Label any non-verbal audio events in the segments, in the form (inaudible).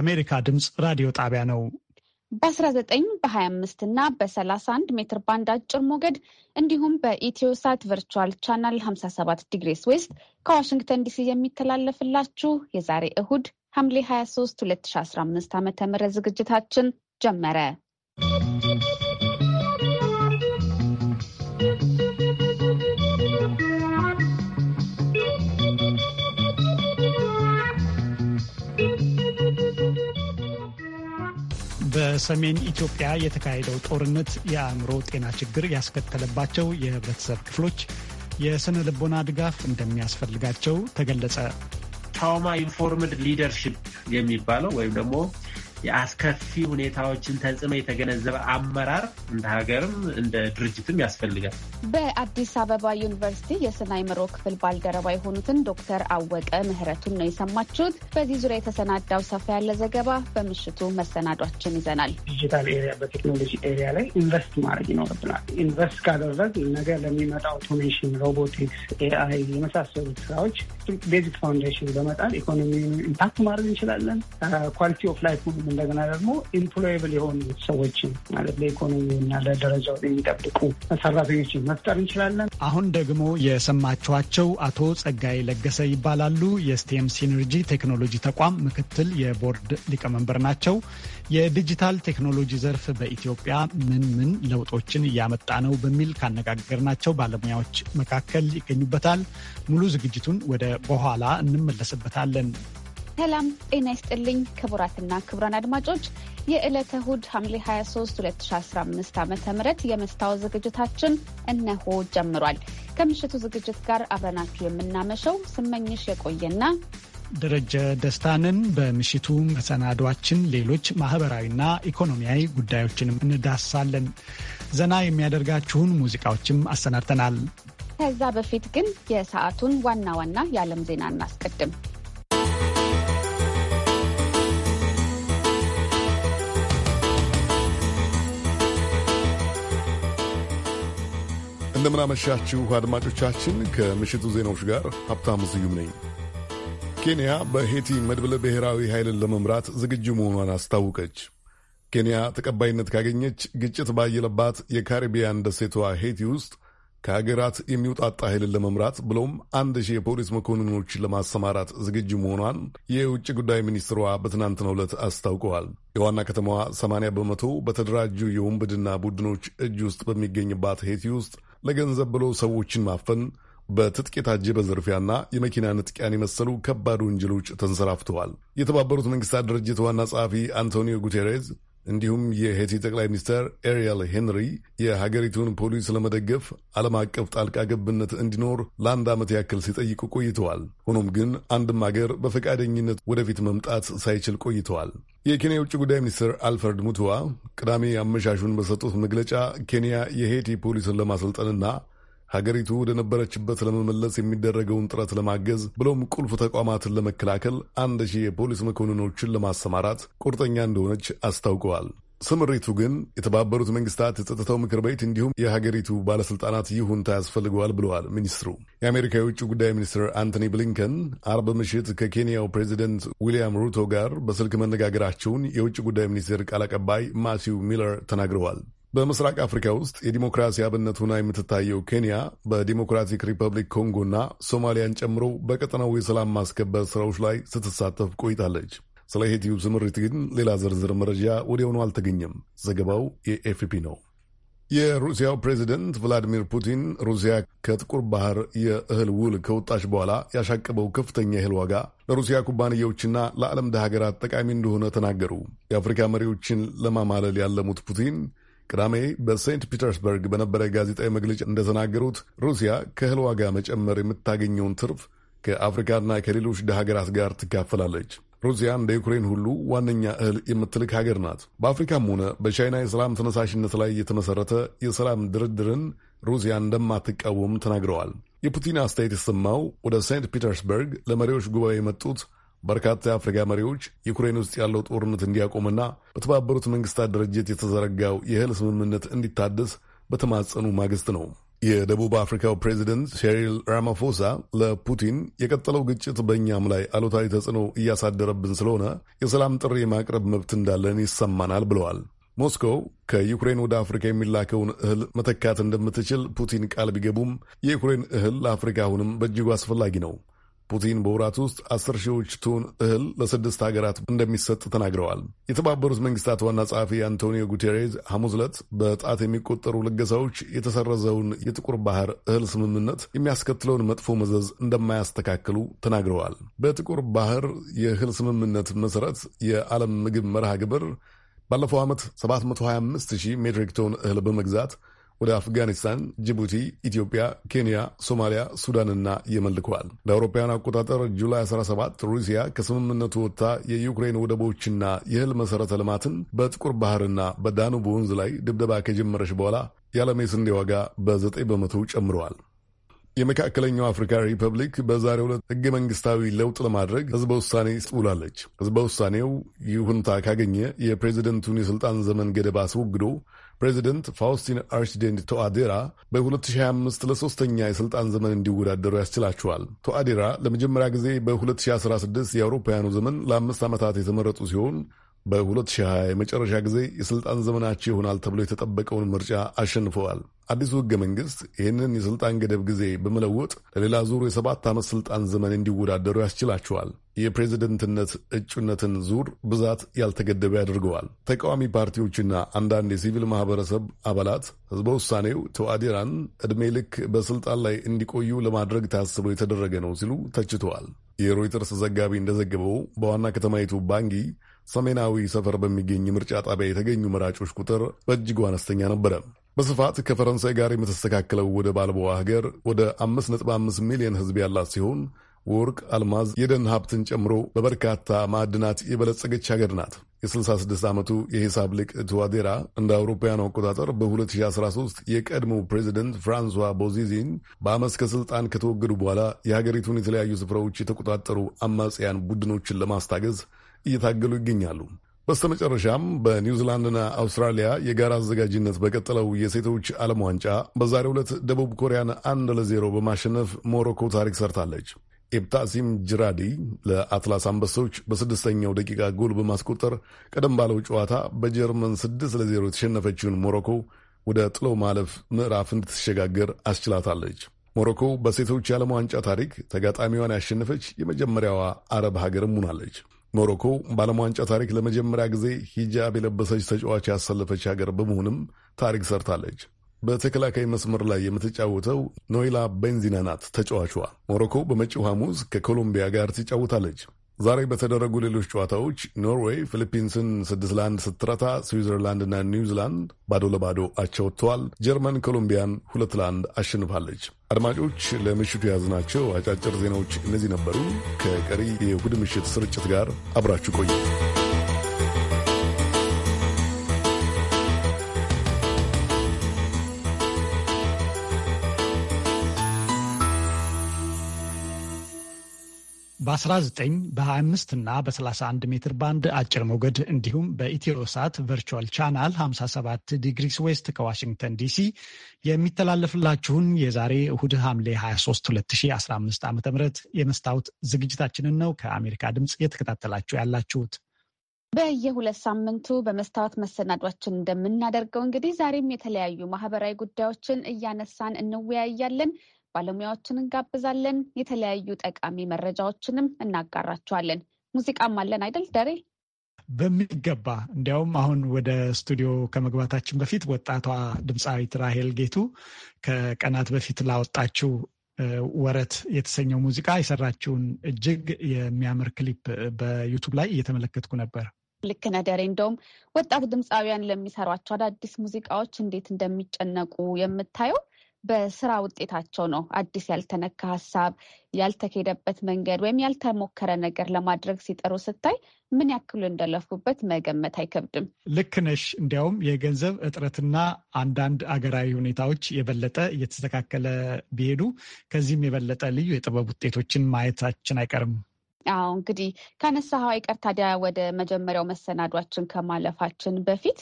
የአሜሪካ ድምፅ ራዲዮ ጣቢያ ነው። በ19 በ25 እና በ31 ሜትር ባንድ አጭር ሞገድ እንዲሁም በኢትዮሳት ቨርቹዋል ቻናል 57 ዲግሪስ ዌስት ከዋሽንግተን ዲሲ የሚተላለፍላችሁ የዛሬ እሁድ ሐምሌ 23 2015 ዓ ም ዝግጅታችን ጀመረ። በሰሜን ኢትዮጵያ የተካሄደው ጦርነት የአእምሮ ጤና ችግር ያስከተለባቸው የህብረተሰብ ክፍሎች የስነ ልቦና ድጋፍ እንደሚያስፈልጋቸው ተገለጸ። ትራውማ ኢንፎርምድ ሊደርሽፕ የሚባለው ወይም ደግሞ የአስከፊ ሁኔታዎችን ተጽዕኖ የተገነዘበ አመራር እንደ ሀገርም እንደ ድርጅትም ያስፈልጋል። በአዲስ አበባ ዩኒቨርሲቲ የስነ አእምሮ ክፍል ባልደረባ የሆኑትን ዶክተር አወቀ ምህረቱን ነው የሰማችሁት። በዚህ ዙሪያ የተሰናዳው ሰፋ ያለ ዘገባ በምሽቱ መሰናዷችን ይዘናል። ዲጂታል ኤሪያ በቴክኖሎጂ ኤሪያ ላይ ኢንቨስት ማድረግ ይኖርብናል። ኢንቨስት ካደረግ ነገ ለሚመጣ አውቶሜሽን፣ ሮቦቲክስ፣ ኤአይ የመሳሰሉት ስራዎች ቤዚክ ፋውንዴሽን በመጣል ኢኮኖሚ ኢምፓክት ማድረግ እንችላለን። ኳሊቲ ኦፍ ላይፍ እንደገና ደግሞ ኢምፕሎየብል የሆኑ ሰዎችን ማለት እና ለደረጃው የሚጠብቁ ሰራተኞችን መፍጠር እንችላለን። አሁን ደግሞ የሰማችኋቸው አቶ ጸጋይ ለገሰ ይባላሉ። የስቴም ሲነርጂ ቴክኖሎጂ ተቋም ምክትል የቦርድ ሊቀመንበር ናቸው። የዲጂታል ቴክኖሎጂ ዘርፍ በኢትዮጵያ ምን ምን ለውጦችን እያመጣ ነው በሚል ካነጋገርናቸው ባለሙያዎች መካከል ይገኙበታል። ሙሉ ዝግጅቱን ወደ በኋላ እንመለስበታለን። ሰላም ጤና ይስጥልኝ ክቡራትና ክቡራን አድማጮች የዕለተ እሁድ ሐምሌ 23 2015 ዓ ም የመስታወት ዝግጅታችን እነሆ ጀምሯል። ከምሽቱ ዝግጅት ጋር አብረናችሁ የምናመሸው ስመኝሽ የቆየና ደረጀ ደስታንን በምሽቱ መሰናዷችን ሌሎች ማህበራዊና ኢኮኖሚያዊ ጉዳዮችንም እንዳሳለን ዘና የሚያደርጋችሁን ሙዚቃዎችም አሰናድተናል። ከዛ በፊት ግን የሰዓቱን ዋና ዋና የዓለም ዜና እናስቀድም። እንደምናመሻችሁ አድማጮቻችን፣ ከምሽቱ ዜናዎች ጋር ሀብታሙ ስዩም ነኝ። ኬንያ በሄቲ መድብለ ብሔራዊ ኃይልን ለመምራት ዝግጁ መሆኗን አስታወቀች። ኬንያ ተቀባይነት ካገኘች ግጭት ባየለባት የካሪቢያን ደሴቷ ሄቲ ውስጥ ከሀገራት የሚውጣጣ ኃይልን ለመምራት ብሎም አንድ ሺህ የፖሊስ መኮንኖችን ለማሰማራት ዝግጁ መሆኗን የውጭ ጉዳይ ሚኒስትሯ በትናንትናው ዕለት አስታውቀዋል። የዋና ከተማዋ 80 በመቶ በተደራጁ የውንብድና ቡድኖች እጅ ውስጥ በሚገኝባት ሄቲ ውስጥ ለገንዘብ ብሎ ሰዎችን ማፈን በትጥቅ የታጀበ ዝርፊያና የመኪና ንጥቂያን የመሰሉ ከባድ ወንጀሎች ተንሰራፍተዋል። የተባበሩት መንግስታት ድርጅት ዋና ጸሐፊ አንቶኒዮ ጉቴሬዝ እንዲሁም የሄቲ ጠቅላይ ሚኒስትር ኤሪያል ሄንሪ የሀገሪቱን ፖሊስ ለመደገፍ ዓለም አቀፍ ጣልቃ ገብነት እንዲኖር ለአንድ ዓመት ያክል ሲጠይቁ ቆይተዋል። ሆኖም ግን አንድም ሀገር በፈቃደኝነት ወደፊት መምጣት ሳይችል ቆይተዋል። የኬንያ የውጭ ጉዳይ ሚኒስትር አልፈርድ ሙትዋ ቅዳሜ አመሻሹን በሰጡት መግለጫ ኬንያ የሄቲ ፖሊስን ለማሰልጠንና ሀገሪቱ ወደ ነበረችበት ለመመለስ የሚደረገውን ጥረት ለማገዝ ብሎም ቁልፍ ተቋማትን ለመከላከል አንድ ሺህ የፖሊስ መኮንኖችን ለማሰማራት ቁርጠኛ እንደሆነች አስታውቀዋል። ስምሪቱ ግን የተባበሩት መንግስታት የጸጥታው ምክር ቤት እንዲሁም የሀገሪቱ ባለስልጣናት ይሁንታ ያስፈልገዋል ብለዋል ሚኒስትሩ። የአሜሪካ የውጭ ጉዳይ ሚኒስትር አንቶኒ ብሊንከን አርብ ምሽት ከኬንያው ፕሬዚደንት ዊልያም ሩቶ ጋር በስልክ መነጋገራቸውን የውጭ ጉዳይ ሚኒስቴር ቃል አቀባይ ማቲው ሚለር ተናግረዋል። በምስራቅ አፍሪካ ውስጥ የዲሞክራሲ አብነት ሆና የምትታየው ኬንያ በዲሞክራቲክ ሪፐብሊክ ኮንጎና ሶማሊያን ጨምሮ በቀጠናው የሰላም ማስከበር ስራዎች ላይ ስትሳተፍ ቆይታለች። ስለ ሄቲው ስምሪት ግን ሌላ ዝርዝር መረጃ ወዲያውኑ አልተገኘም። ዘገባው የኤፍፒ ነው። የሩሲያው ፕሬዚደንት ቭላዲሚር ፑቲን ሩሲያ ከጥቁር ባህር የእህል ውል ከወጣች በኋላ ያሻቀበው ከፍተኛ የእህል ዋጋ ለሩሲያ ኩባንያዎችና ለዓለም ድሃ ሀገራት ጠቃሚ እንደሆነ ተናገሩ። የአፍሪካ መሪዎችን ለማማለል ያለሙት ፑቲን ቅዳሜ በሴንት ፒተርስበርግ በነበረ ጋዜጣዊ መግለጫ እንደተናገሩት ሩሲያ ከእህል ዋጋ መጨመር የምታገኘውን ትርፍ ከአፍሪካና ከሌሎች ድሃ ሀገራት ጋር ትካፈላለች። ሩሲያ እንደ ዩክሬን ሁሉ ዋነኛ እህል የምትልክ ሀገር ናት። በአፍሪካም ሆነ በቻይና የሰላም ተነሳሽነት ላይ የተመሠረተ የሰላም ድርድርን ሩሲያ እንደማትቃወም ተናግረዋል። የፑቲን አስተያየት የተሰማው ወደ ሴንት ፒተርስበርግ ለመሪዎች ጉባኤ የመጡት በርካታ የአፍሪካ መሪዎች ዩክሬን ውስጥ ያለው ጦርነት እንዲያቆምና በተባበሩት መንግስታት ድርጅት የተዘረጋው የእህል ስምምነት እንዲታደስ በተማጸኑ ማግስት ነው። የደቡብ አፍሪካው ፕሬዚደንት ሴሪል ራማፎሳ ለፑቲን የቀጠለው ግጭት በእኛም ላይ አሉታዊ ተጽዕኖ እያሳደረብን ስለሆነ የሰላም ጥሪ የማቅረብ መብት እንዳለን ይሰማናል ብለዋል። ሞስኮ ከዩክሬን ወደ አፍሪካ የሚላከውን እህል መተካት እንደምትችል ፑቲን ቃል ቢገቡም የዩክሬን እህል ለአፍሪካ አሁንም በእጅጉ አስፈላጊ ነው። ፑቲን በወራት ውስጥ አስር ሺዎች ቶን እህል ለስድስት ሀገራት እንደሚሰጥ ተናግረዋል። የተባበሩት መንግስታት ዋና ጸሐፊ አንቶኒዮ ጉቴሬዝ ሐሙስ ዕለት በጣት የሚቆጠሩ ልገሳዎች የተሰረዘውን የጥቁር ባህር እህል ስምምነት የሚያስከትለውን መጥፎ መዘዝ እንደማያስተካክሉ ተናግረዋል። በጥቁር ባህር የእህል ስምምነት መሠረት የዓለም ምግብ መርሃ ግብር ባለፈው ዓመት 725 ሺህ ሜትሪክ ቶን እህል በመግዛት ወደ አፍጋኒስታን፣ ጅቡቲ፣ ኢትዮጵያ፣ ኬንያ፣ ሶማሊያ፣ ሱዳንና የመን ልከዋል። እንደ አውሮፓውያን አቆጣጠር ጁላይ 17 ሩሲያ ከስምምነቱ ወጥታ የዩክሬን ወደቦችና የእህል መሠረተ ልማትን በጥቁር ባህርና በዳኑብ ወንዝ ላይ ድብደባ ከጀመረች በኋላ የዓለም የስንዴ ዋጋ በ9 በመቶ ጨምረዋል። የመካከለኛው አፍሪካ ሪፐብሊክ በዛሬው ዕለት ሕገ መንግስታዊ ለውጥ ለማድረግ ሕዝበ ውሳኔ ውላለች። ህዝበ ውሳኔው ይሁንታ ካገኘ የፕሬዚደንቱን የሥልጣን ዘመን ገደብ አስወግዶ ፕሬዚደንት ፋውስቲን አርችዴንድ ቶአዴራ በ2025 ለሶስተኛ የስልጣን ዘመን እንዲወዳደሩ ያስችላቸዋል። ቶአዴራ ለመጀመሪያ ጊዜ በ2016 የአውሮፓውያኑ ዘመን ለአምስት ዓመታት የተመረጡ ሲሆን በ2020 የመጨረሻ ጊዜ የስልጣን ዘመናቸው ይሆናል ተብሎ የተጠበቀውን ምርጫ አሸንፈዋል። አዲሱ ህገ መንግስት ይህንን የሥልጣን ገደብ ጊዜ በመለወጥ ለሌላ ዙር የሰባት ዓመት ሥልጣን ዘመን እንዲወዳደሩ ያስችላቸዋል። የፕሬዝደንትነት እጩነትን ዙር ብዛት ያልተገደበ ያደርገዋል። ተቃዋሚ ፓርቲዎችና አንዳንድ የሲቪል ማህበረሰብ አባላት ሕዝበ ውሳኔው ተዋዲራን ዕድሜ ልክ በስልጣን ላይ እንዲቆዩ ለማድረግ ታስቦ የተደረገ ነው ሲሉ ተችተዋል። የሮይተርስ ዘጋቢ እንደዘገበው በዋና ከተማይቱ ባንጊ ሰሜናዊ ሰፈር በሚገኝ ምርጫ ጣቢያ የተገኙ መራጮች ቁጥር በእጅጉ አነስተኛ ነበረ። በስፋት ከፈረንሳይ ጋር የምትስተካከለው ወደ ባልቦዋ ሀገር ወደ 5.5 ሚሊዮን ሕዝብ ያላት ሲሆን ወርቅ፣ አልማዝ፣ የደን ሀብትን ጨምሮ በበርካታ ማዕድናት የበለጸገች ሀገር ናት። የ66 ዓመቱ የሂሳብ ሊቅ ቱዋዴራ እንደ አውሮፓውያኑ አቆጣጠር በ2013 የቀድሞው ፕሬዚደንት ፍራንሷ ቦዚዚን በአመፅ ከስልጣን ከተወገዱ በኋላ የሀገሪቱን የተለያዩ ስፍራዎች የተቆጣጠሩ አማጽያን ቡድኖችን ለማስታገዝ እየታገሉ ይገኛሉ። በስተመጨረሻም በኒውዚላንድና አውስትራሊያ የጋራ አዘጋጅነት በቀጠለው የሴቶች ዓለም ዋንጫ በዛሬው ዕለት ደቡብ ኮሪያን አንድ ለዜሮ በማሸነፍ ሞሮኮ ታሪክ ሰርታለች። ኤፕታሲም ጅራዲ ለአትላስ አንበሶች በስድስተኛው ደቂቃ ጎል በማስቆጠር ቀደም ባለው ጨዋታ በጀርመን ስድስት ለዜሮ የተሸነፈችውን ሞሮኮ ወደ ጥሎ ማለፍ ምዕራፍ እንድትሸጋገር አስችላታለች። ሞሮኮ በሴቶች የዓለም ዋንጫ ታሪክ ተጋጣሚዋን ያሸነፈች የመጀመሪያዋ አረብ ሀገርም ሆናለች። ሞሮኮ በዓለም ዋንጫ ታሪክ ለመጀመሪያ ጊዜ ሂጃብ የለበሰች ተጫዋች ያሰለፈች ሀገር በመሆንም ታሪክ ሰርታለች። በተከላካይ መስመር ላይ የምትጫወተው ኖይላ ቤንዚና ናት ተጫዋቿ። ሞሮኮ በመጪው ሐሙስ ከኮሎምቢያ ጋር ትጫወታለች። ዛሬ በተደረጉ ሌሎች ጨዋታዎች ኖርዌይ ፊሊፒንስን ስድስት ለአንድ ስትረታ ስዊዘርላንድና ኒውዚላንድ ባዶ ለባዶ አቻወጥተዋል። ጀርመን ኮሎምቢያን ሁለት ለአንድ አሸንፋለች። አድማጮች ለምሽቱ የያዝናቸው አጫጭር ዜናዎች እነዚህ ነበሩ። ከቀሪ የእሁድ ምሽት ስርጭት ጋር አብራችሁ ቆዩ። በ19 በ25 እና በ31 ሜትር ባንድ አጭር ሞገድ እንዲሁም በኢትዮ ሳት ቨርቹዋል ቻናል 57 ዲግሪስ ዌስት ከዋሽንግተን ዲሲ የሚተላለፍላችሁን የዛሬ እሁድ ሐምሌ 23 2015 ዓ ም የመስታወት ዝግጅታችንን ነው ከአሜሪካ ድምፅ የተከታተላችሁ ያላችሁት። በየሁለት ሳምንቱ በመስታወት መሰናዷችን እንደምናደርገው እንግዲህ ዛሬም የተለያዩ ማህበራዊ ጉዳዮችን እያነሳን እንወያያለን። ባለሙያዎችን እንጋብዛለን። የተለያዩ ጠቃሚ መረጃዎችንም እናጋራቸዋለን። ሙዚቃም አለን አይደል ደሬ? በሚገባ እንዲያውም አሁን ወደ ስቱዲዮ ከመግባታችን በፊት ወጣቷ ድምፃዊት ራሄል ጌቱ ከቀናት በፊት ላወጣችው ወረት የተሰኘው ሙዚቃ የሰራችውን እጅግ የሚያምር ክሊፕ በዩቱብ ላይ እየተመለከትኩ ነበር። ልክ ነደሬ፣ ደሬ። እንደውም ወጣት ድምፃውያን ለሚሰሯቸው አዳዲስ ሙዚቃዎች እንዴት እንደሚጨነቁ የምታየው በስራ ውጤታቸው ነው። አዲስ ያልተነካ ሀሳብ፣ ያልተሄደበት መንገድ ወይም ያልተሞከረ ነገር ለማድረግ ሲጠሩ ስታይ ምን ያክሉ እንደለፉበት መገመት አይከብድም። ልክ ነሽ። እንዲያውም የገንዘብ እጥረትና አንዳንድ አገራዊ ሁኔታዎች የበለጠ እየተስተካከለ ቢሄዱ ከዚህም የበለጠ ልዩ የጥበብ ውጤቶችን ማየታችን አይቀርም። አዎ እንግዲህ ሀዋይ ቀር ታዲያ ወደ መጀመሪያው መሰናዷችን ከማለፋችን በፊት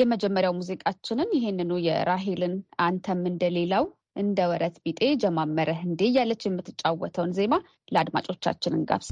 የመጀመሪያው ሙዚቃችንን ይሄንኑ የራሄልን አንተም እንደሌላው እንደ ወረት ቢጤ ጀማመረህ እንዴ እያለች የምትጫወተውን ዜማ ለአድማጮቻችን እንጋብዝ።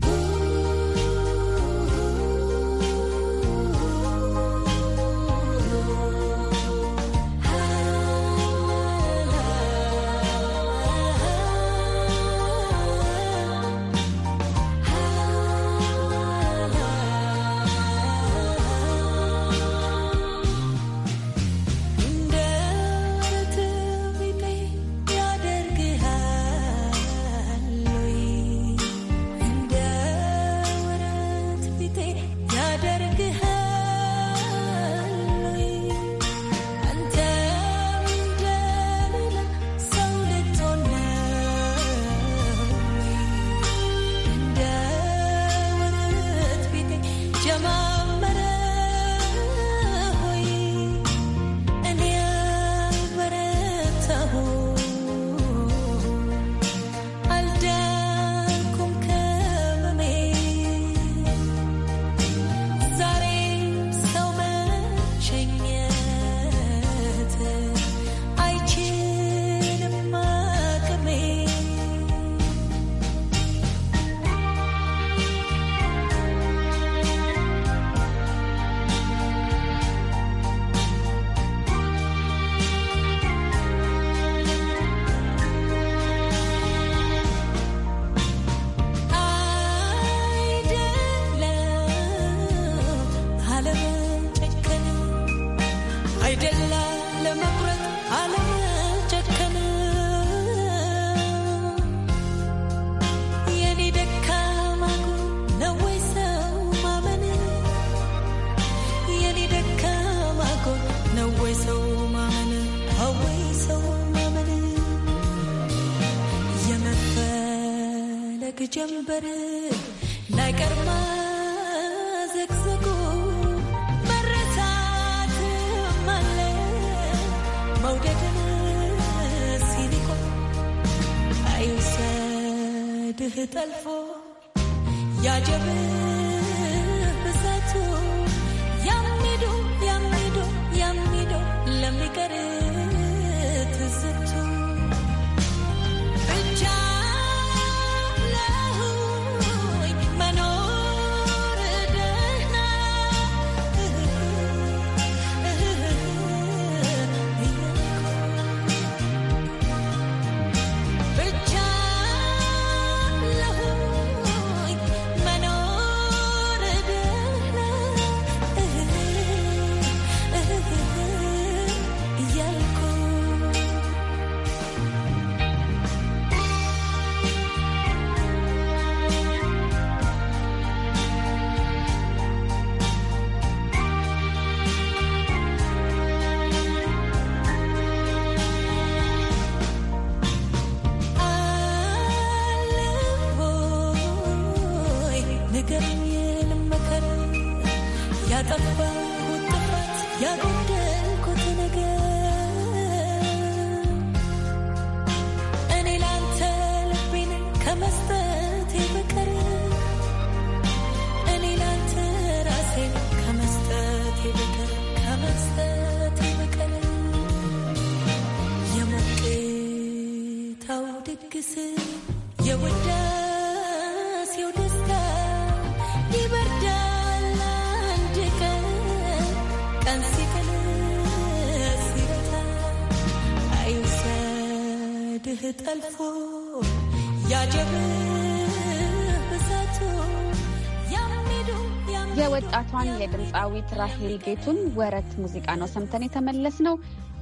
የድምፃዊት ራሄል ጌቱን ወረት ሙዚቃ ነው ሰምተን የተመለስ ነው።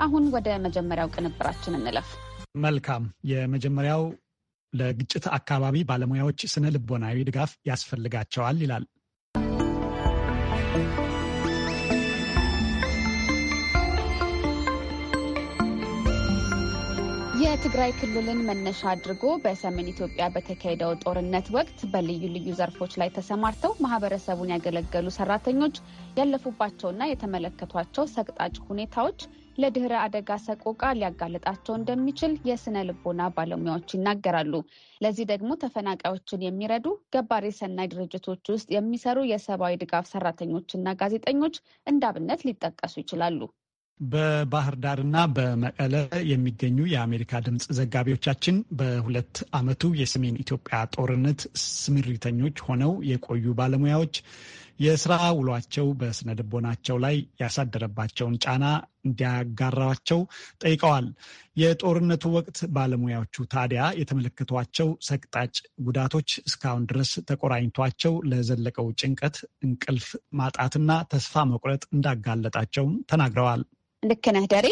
አሁን ወደ መጀመሪያው ቅንብራችን እንለፍ። መልካም። የመጀመሪያው ለግጭት አካባቢ ባለሙያዎች ስነ ልቦናዊ ድጋፍ ያስፈልጋቸዋል ይላል። የትግራይ ክልልን መነሻ አድርጎ በሰሜን ኢትዮጵያ በተካሄደው ጦርነት ወቅት በልዩ ልዩ ዘርፎች ላይ ተሰማርተው ማህበረሰቡን ያገለገሉ ሰራተኞች ያለፉባቸውና የተመለከቷቸው ሰቅጣጭ ሁኔታዎች ለድህረ አደጋ ሰቆቃ ሊያጋልጣቸው እንደሚችል የስነ ልቦና ባለሙያዎች ይናገራሉ። ለዚህ ደግሞ ተፈናቃዮችን የሚረዱ ገባሪ ሰናይ ድርጅቶች ውስጥ የሚሰሩ የሰብአዊ ድጋፍ ሰራተኞችና ጋዜጠኞች እንደ አብነት ሊጠቀሱ ይችላሉ። በባህር ዳርና በመቀለ የሚገኙ የአሜሪካ ድምፅ ዘጋቢዎቻችን በሁለት ዓመቱ የሰሜን ኢትዮጵያ ጦርነት ስምሪተኞች ሆነው የቆዩ ባለሙያዎች የስራ ውሏቸው በስነ ልቦናቸው ላይ ያሳደረባቸውን ጫና እንዲያጋራቸው ጠይቀዋል። የጦርነቱ ወቅት ባለሙያዎቹ ታዲያ የተመለከቷቸው ሰቅጣጭ ጉዳቶች እስካሁን ድረስ ተቆራኝቷቸው ለዘለቀው ጭንቀት፣ እንቅልፍ ማጣትና ተስፋ መቁረጥ እንዳጋለጣቸውም ተናግረዋል። ነህ ደሬ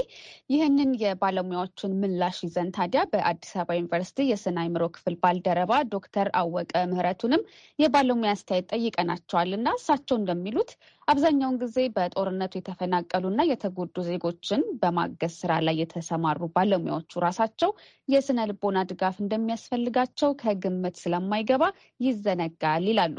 ይህንን የባለሙያዎቹን ምላሽ ይዘን ታዲያ በአዲስ አበባ ዩኒቨርሲቲ የስነ አእምሮ ክፍል ባልደረባ ዶክተር አወቀ ምህረቱንም የባለሙያ አስተያየት ጠይቀናቸዋል እና እሳቸው እንደሚሉት አብዛኛውን ጊዜ በጦርነቱ የተፈናቀሉና የተጎዱ ዜጎችን በማገዝ ስራ ላይ የተሰማሩ ባለሙያዎቹ ራሳቸው የስነ ልቦና ድጋፍ እንደሚያስፈልጋቸው ከግምት ስለማይገባ ይዘነጋል ይላሉ።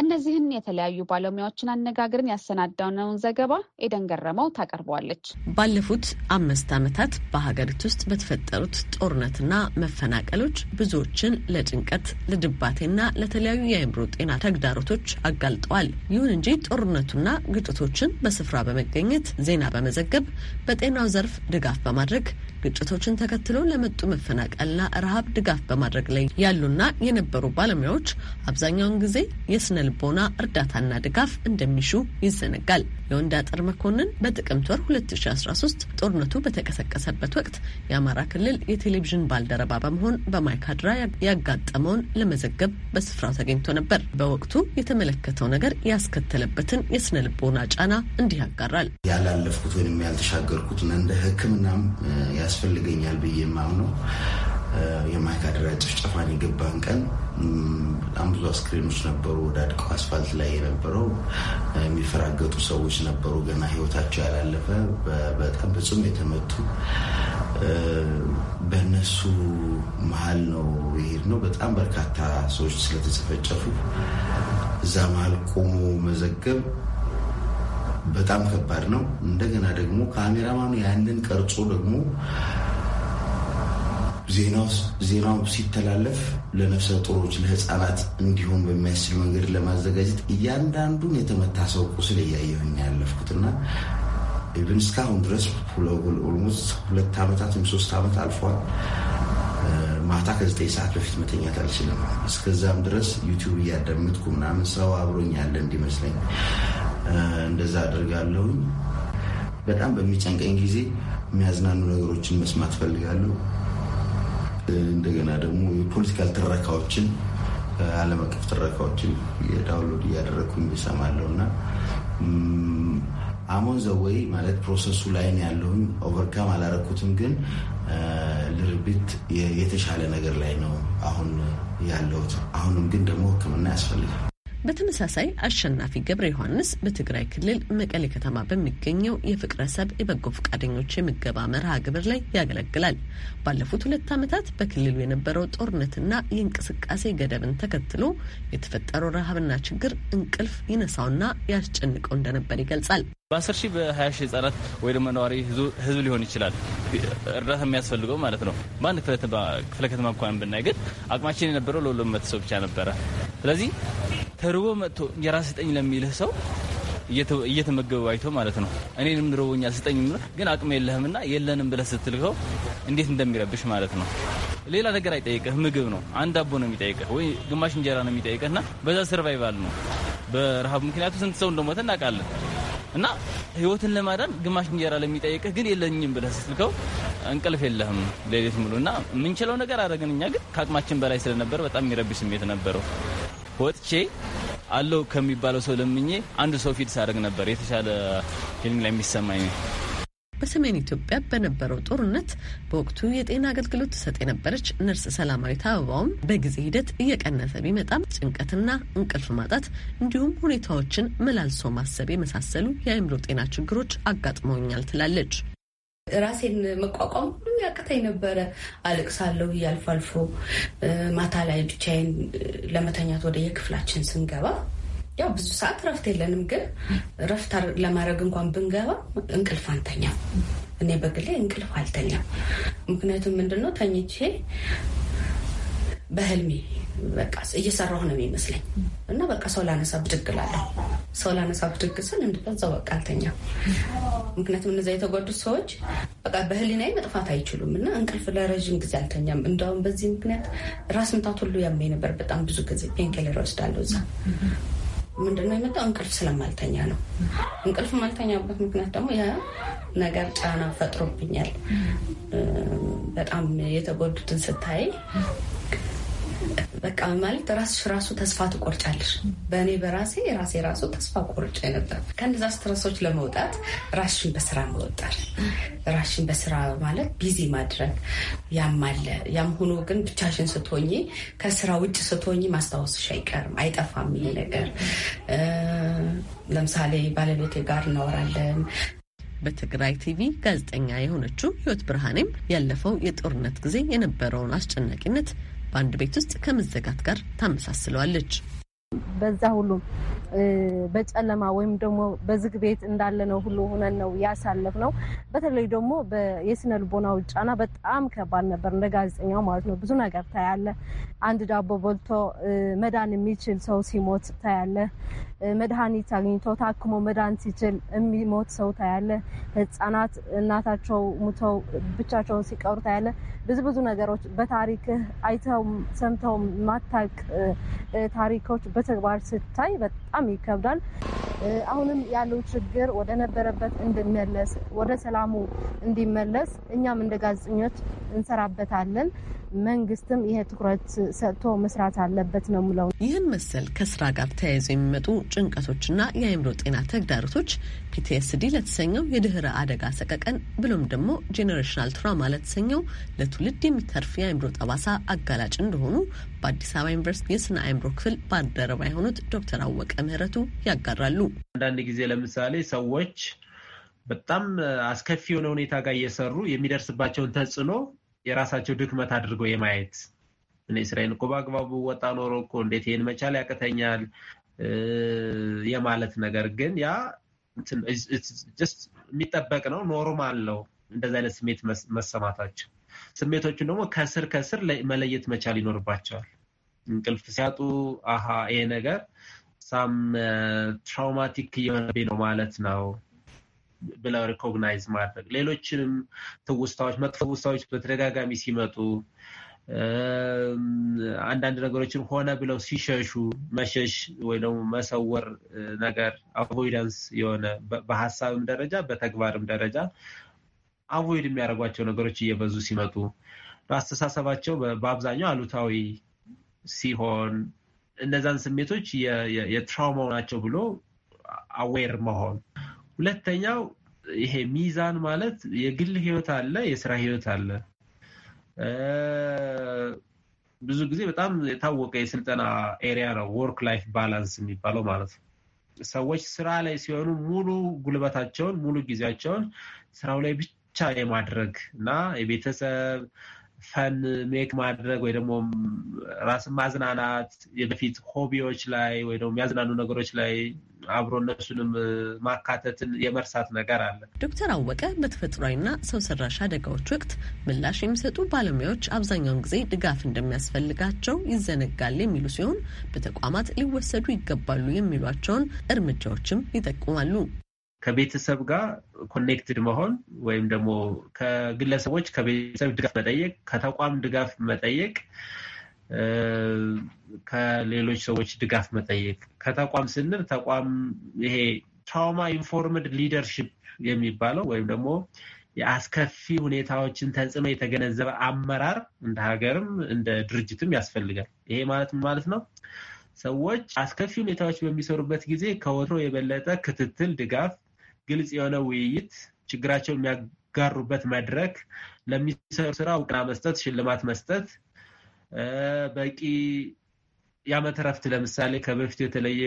እነዚህን የተለያዩ ባለሙያዎችን አነጋግርን ያሰናዳነውን ዘገባ ኤደን ገረመው ታቀርበዋለች። ባለፉት አምስት ዓመታት በሀገሪቱ ውስጥ በተፈጠሩት ጦርነትና መፈናቀሎች ብዙዎችን ለጭንቀት ለድባቴና ለተለያዩ የአእምሮ ጤና ተግዳሮቶች አጋልጠዋል። ይሁን እንጂ ጦርነቱና ግጭቶችን በስፍራ በመገኘት ዜና በመዘገብ በጤናው ዘርፍ ድጋፍ በማድረግ ግጭቶችን ተከትሎ ለመጡ መፈናቀልና ረሃብ ድጋፍ በማድረግ ላይ ያሉና የነበሩ ባለሙያዎች አብዛኛውን ጊዜ የስነ ልቦና እርዳታና ድጋፍ እንደሚሹ ይዘነጋል። የወንድ አጥር መኮንን በጥቅምት ወር 2013 ጦርነቱ በተቀሰቀሰበት ወቅት የአማራ ክልል የቴሌቪዥን ባልደረባ በመሆን በማይካድራ ያጋጠመውን ለመዘገብ በስፍራው ተገኝቶ ነበር። በወቅቱ የተመለከተው ነገር ያስከተለበትን የስነ ልቦና ጫና እንዲህ ያጋራል። ያላለፍኩት ወይም ያልተሻገርኩት እንደ ሕክምናም ያስፈልገኛል ብዬ የማምነው የማይካድራ ጭፍጨፋን የገባን ቀን በጣም ብዙ አስክሬኖች ነበሩ። ወደ አድቀው አስፋልት ላይ የነበረው የሚፈራገጡ ሰዎች ነበሩ። ገና ህይወታቸው ያላለፈ በጣም በጽም የተመቱ በእነሱ መሀል ነው የሄድነው። በጣም በርካታ ሰዎች ስለተጨፈጨፉ እዛ መሀል ቆሞ መዘገብ በጣም ከባድ ነው። እንደገና ደግሞ ካሜራማኑ ያንን ቀርጾ ደግሞ ዜናው ሲተላለፍ ለነፍሰ ጡሮች፣ ለህፃናት እንዲሆን በሚያስችል መንገድ ለማዘጋጀት እያንዳንዱን የተመታ ሰው ቁስል እያየሁኝ ያለፍኩትና ኢቭን እስካሁን ድረስ ኦልሞስት ሁለት ዓመታት ወይም ሶስት ዓመት አልፏል። ማታ ከዘጠኝ ሰዓት በፊት መተኛት አልችልም። እስከዛም ድረስ ዩቲዩብ እያዳመጥኩ ምናምን ሰው አብሮኝ ያለ እንዲመስለኝ እንደዛ አድርጋለሁ። በጣም በሚጨንቀኝ ጊዜ የሚያዝናኑ ነገሮችን መስማት ፈልጋለሁ። እንደገና ደግሞ የፖለቲካል ትረካዎችን፣ ዓለም አቀፍ ትረካዎችን የዳውንሎድ እያደረግኩኝ ይሰማለሁ እና አሞን ዘወይ ማለት ፕሮሰሱ ላይ ያለውን ኦቨርካም አላረኩትም፣ ግን ልርቢት የተሻለ ነገር ላይ ነው አሁን ያለሁት። አሁንም ግን ደግሞ ሕክምና ያስፈልጋል። በተመሳሳይ አሸናፊ ገብረ ዮሐንስ በትግራይ ክልል መቀሌ ከተማ በሚገኘው የፍቅረ ሰብ የበጎ ፈቃደኞች የምገባ መርሃ ግብር ላይ ያገለግላል። ባለፉት ሁለት ዓመታት በክልሉ የነበረው ጦርነትና የእንቅስቃሴ ገደብን ተከትሎ የተፈጠረው ረሃብና ችግር እንቅልፍ ይነሳውና ያስጨንቀው እንደነበር ይገልጻል። በአስር ሺህ በሀያ ሺህ ህጻናት ወይ ደግሞ ነዋሪ ህዝብ ሊሆን ይችላል እርዳታ የሚያስፈልገው ማለት ነው። በአንድ ክፍለ ከተማ እንኳን ብናይ ግን አቅማችን የነበረው ለሁሉም መተሰብ ብቻ ነበረ። ስለዚህ እርቦ መጥቶ እንጀራ ስጠኝ ለሚልህ ሰው እየተመገበ አይቶ ማለት ነው። እኔንም ርቦኛል ስጠኝ ግን አቅም የለህምና የለንም ብለህ ስትልከው እንዴት እንደሚረብሽ ማለት ነው። ሌላ ነገር አይጠይቅህ፣ ምግብ ነው። አንድ አቦ ነው የሚጠይቅህ ወይ ግማሽ እንጀራ ነው የሚጠይቅህ እና በዛ ሰርቫይቫል ነው። በረሃብ ምክንያቱ ስንት ሰው እንደሞተ እናውቃለን። እና ህይወትን ለማዳን ግማሽ እንጀራ ለሚጠይቅህ ግን የለኝም ብለህ ስትልከው እንቅልፍ የለህም ሌሊት ሙሉ እና የምንችለው ነገር አደረግን እኛ ግን ከአቅማችን በላይ ስለነበር በጣም የሚረብሽ ስሜት ነበረው። ወጥቼ አለው ከሚባለው ሰው ለምኜ አንድ ሰው ፊት ሳደርግ ነበር የተሻለ ፊልም ላይ የሚሰማኝ። በሰሜን ኢትዮጵያ በነበረው ጦርነት በወቅቱ የጤና አገልግሎት ትሰጥ የነበረች ነርስ ሰላማዊት አበባውም በጊዜ ሂደት እየቀነሰ ቢመጣም ጭንቀትና እንቅልፍ ማጣት እንዲሁም ሁኔታዎችን መላልሶ ማሰብ የመሳሰሉ የአእምሮ ጤና ችግሮች አጋጥመውኛል ትላለች። ራሴን መቋቋም ሁሉም ያቅተኝ ነበረ። አልቅሳለሁ አልፎ አልፎ ማታ ላይ ብቻዬን ለመተኛት ወደ የክፍላችን ስንገባ ያው ብዙ ሰዓት ረፍት የለንም፣ ግን ረፍት ለማድረግ እንኳን ብንገባ እንቅልፍ አንተኛም። እኔ በግሌ እንቅልፍ አልተኛም። ምክንያቱም ምንድነው ተኝቼ በህልሜ በቃ እየሰራሁ ነው የሚመስለኝ እና በቃ ሰው ላነሳ ብድግ እላለሁ። ሰው ላነሳ ብድግ ስል እንድበዛው በቃ አልተኛም። ምክንያቱም እነዚ የተጎዱት ሰዎች በቃ በህሊና መጥፋት አይችሉም እና እንቅልፍ ለረዥም ጊዜ አልተኛም። እንደውም በዚህ ምክንያት ራስ ምታት ሁሉ ያመኝ ነበር። በጣም ብዙ ጊዜ ፔንኬለር ወስዳለሁ እዛ ምንድነው የመጣው? እንቅልፍ ስለማልተኛ ነው። እንቅልፍ ማልተኛበት ምክንያት ደግሞ ያ ነገር ጫና ፈጥሮብኛል። በጣም የተጎዱትን ስታይ በቃ ማለት ራስሽ ራሱ ተስፋ ትቆርጫለሽ። በእኔ በራሴ ራሴ ራሱ ተስፋ ቆርጬ ነበር። ከነዛ ስትረሶች ለመውጣት ራስሽን በስራ መወጠር፣ ራስሽን በስራ ማለት ቢዚ ማድረግ ያም አለ። ያም ሆኖ ግን ብቻሽን ስትሆኝ፣ ከስራ ውጭ ስትሆኝ ማስታወስሽ አይቀርም አይጠፋም። ይሄ ነገር ለምሳሌ ባለቤቴ ጋር እናወራለን። በትግራይ ቲቪ ጋዜጠኛ የሆነችው ህይወት ብርሃኔም ያለፈው የጦርነት ጊዜ የነበረውን አስጨናቂነት በአንድ ቤት ውስጥ ከመዘጋት ጋር ታመሳስለዋለች። በዛ ሁሉ በጨለማ ወይም ደግሞ በዝግ ቤት እንዳለ ነው ሁሉ ሆነን ነው ያሳለፍ ነው። በተለይ ደግሞ የስነ ልቦናው ጫና በጣም ከባድ ነበር። እንደ ጋዜጠኛው ማለት ነው ብዙ ነገር ታያለ። አንድ ዳቦ በልቶ መዳን የሚችል ሰው ሲሞት ታያለ። መድኃኒት አግኝቶ ታክሞ መድኃኒት ሲችል የሚሞት ሰው ታያለ። ህጻናት እናታቸው ሙተው ብቻቸውን ሲቀሩ ታያለ። ብዙ ብዙ ነገሮች በታሪክህ አይተው ሰምተው ማታቅ ታሪኮች በተግባር ስታይ በጣም ይከብዳል። አሁንም ያለው ችግር ወደ ነበረበት ወደ ሰላሙ እንዲመለስ እኛም እንደ ጋዜጠኞች እንሰራበታለን። መንግስትም ይሄ ትኩረት ሰጥቶ መስራት አለበት ነው ምለው። ይህን መሰል ከስራ ጋር ተያይዞ የሚመጡ ጭንቀቶችና የአእምሮ ጤና ተግዳሮቶች ፒቲኤስዲ ለተሰኘው የድህረ አደጋ ሰቀቀን ብሎም ደግሞ ጄኔሬሽናል ትራማ ለተሰኘው ለትውልድ የሚተርፍ የአእምሮ ጠባሳ አጋላጭ እንደሆኑ በአዲስ አበባ ዩኒቨርሲቲ የስነ አእምሮ ክፍል ባልደረባ የሆኑት ዶክተር አወቀ ምህረቱ ያጋራሉ። አንዳንድ ጊዜ ለምሳሌ ሰዎች በጣም አስከፊ የሆነ ሁኔታ ጋር እየሰሩ የሚደርስባቸውን ተጽዕኖ የራሳቸው ድክመት አድርገው የማየት እኔ ስራዬን እኮ በአግባቡ ወጣ ኖሮ እኮ እንዴት ይህን መቻል ያቅተኛል የማለት ነገር ግን ያ የሚጠበቅ ነው። ኖርማል ነው እንደዚህ አይነት ስሜት መሰማታቸው። ስሜቶቹን ደግሞ ከስር ከስር መለየት መቻል ይኖርባቸዋል። እንቅልፍ ሲያጡ አሃ ይሄ ነገር ሳም ትራውማቲክ እየሆነብኝ ነው ማለት ነው ብለው ሪኮግናይዝ ማድረግ ሌሎችንም ትውስታዎች፣ መጥፎ ትውስታዎች በተደጋጋሚ ሲመጡ አንዳንድ ነገሮችን ሆነ ብለው ሲሸሹ መሸሽ ወይ ደግሞ መሰወር ነገር አቮይዳንስ የሆነ በሀሳብም ደረጃ በተግባርም ደረጃ አቮይድ የሚያደርጓቸው ነገሮች እየበዙ ሲመጡ አስተሳሰባቸው በአብዛኛው አሉታዊ ሲሆን እነዛን ስሜቶች የትራውማው ናቸው ብሎ አዌር መሆን ሁለተኛው ይሄ ሚዛን ማለት የግል ህይወት አለ፣ የስራ ህይወት አለ። ብዙ ጊዜ በጣም የታወቀ የስልጠና ኤሪያ ነው ወርክ ላይፍ ባላንስ የሚባለው ማለት ነው። ሰዎች ስራ ላይ ሲሆኑ ሙሉ ጉልበታቸውን ሙሉ ጊዜያቸውን ስራው ላይ ብቻ የማድረግ እና የቤተሰብ ፈን ሜክ ማድረግ ወይ ደግሞ ራስን ማዝናናት የበፊት ሆቢዎች ላይ ወይ ደግሞ የሚያዝናኑ ነገሮች ላይ አብሮ እነሱንም ማካተትን የመርሳት ነገር አለ። ዶክተር አወቀ በተፈጥሯዊና ሰው ሰራሽ አደጋዎች ወቅት ምላሽ የሚሰጡ ባለሙያዎች አብዛኛውን ጊዜ ድጋፍ እንደሚያስፈልጋቸው ይዘነጋል የሚሉ ሲሆን በተቋማት ሊወሰዱ ይገባሉ የሚሏቸውን እርምጃዎችም ይጠቁማሉ። ከቤተሰብ ጋር ኮኔክትድ መሆን ወይም ደግሞ ከግለሰቦች ከቤተሰብ ድጋፍ መጠየቅ፣ ከተቋም ድጋፍ መጠየቅ፣ ከሌሎች ሰዎች ድጋፍ መጠየቅ። ከተቋም ስንል ተቋም ይሄ ትራውማ ኢንፎርምድ ሊደርሽፕ የሚባለው ወይም ደግሞ የአስከፊ ሁኔታዎችን ተጽዕኖ የተገነዘበ አመራር እንደ ሀገርም እንደ ድርጅትም ያስፈልጋል። ይሄ ማለት ማለት ነው ሰዎች አስከፊ ሁኔታዎች በሚሰሩበት ጊዜ ከወትሮ የበለጠ ክትትል፣ ድጋፍ ግልጽ የሆነ ውይይት፣ ችግራቸውን የሚያጋሩበት መድረክ፣ ለሚሰሩ ስራ እውቅና መስጠት፣ ሽልማት መስጠት፣ በቂ የዓመት እረፍት ለምሳሌ ከበፊቱ የተለየ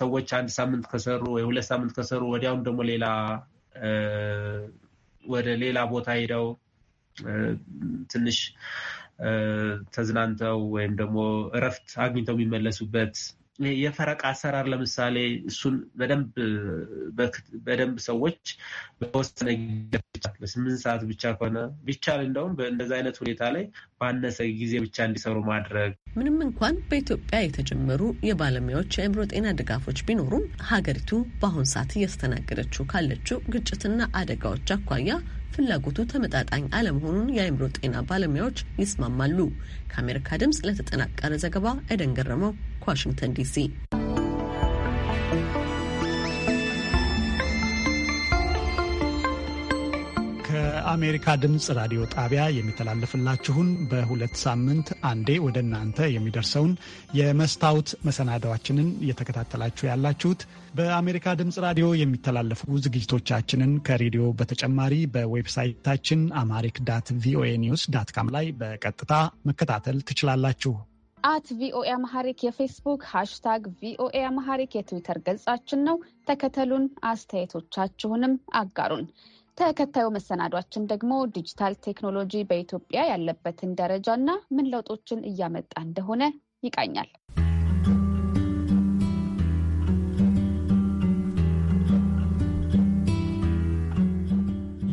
ሰዎች አንድ ሳምንት ከሰሩ ወይ ሁለት ሳምንት ከሰሩ ወዲያውም ደግሞ ሌላ ወደ ሌላ ቦታ ሄደው ትንሽ ተዝናንተው ወይም ደግሞ እረፍት አግኝተው የሚመለሱበት የፈረቃ አሰራር ለምሳሌ እሱን በደንብ ሰዎች በተወሰነ በስምንት ሰዓት ብቻ ከሆነ ቢቻል እንደውም እንደዚ አይነት ሁኔታ ላይ ባነሰ ጊዜ ብቻ እንዲሰሩ ማድረግ። ምንም እንኳን በኢትዮጵያ የተጀመሩ የባለሙያዎች የአእምሮ ጤና ድጋፎች ቢኖሩም ሀገሪቱ በአሁን ሰዓት እያስተናገደችው ካለችው ግጭትና አደጋዎች አኳያ ፍላጎቱ ተመጣጣኝ አለመሆኑን የአእምሮ ጤና ባለሙያዎች ይስማማሉ። ከአሜሪካ ድምፅ ለተጠናቀረ ዘገባ ኤደን ገረመው ከዋሽንግተን ዲሲ ከአሜሪካ ድምፅ ራዲዮ ጣቢያ የሚተላለፍላችሁን በሁለት ሳምንት አንዴ ወደ እናንተ የሚደርሰውን የመስታወት መሰናዳዋችንን እየተከታተላችሁ ያላችሁት በአሜሪካ ድምፅ ራዲዮ የሚተላለፉ ዝግጅቶቻችንን ከሬዲዮ በተጨማሪ በዌብሳይታችን አማሪክ ዳት ቪኦኤ ኒውስ ዳት ካም ላይ በቀጥታ መከታተል ትችላላችሁ። አት ቪኦኤ አማሐሪክ የፌስቡክ ሃሽታግ ቪኦኤ አማሐሪክ የትዊተር ገጻችን ነው። ተከተሉን፣ አስተያየቶቻችሁንም አጋሩን። ተከታዩ መሰናዷችን ደግሞ ዲጂታል ቴክኖሎጂ በኢትዮጵያ ያለበትን ደረጃ ና ምን ለውጦችን እያመጣ እንደሆነ ይቃኛል።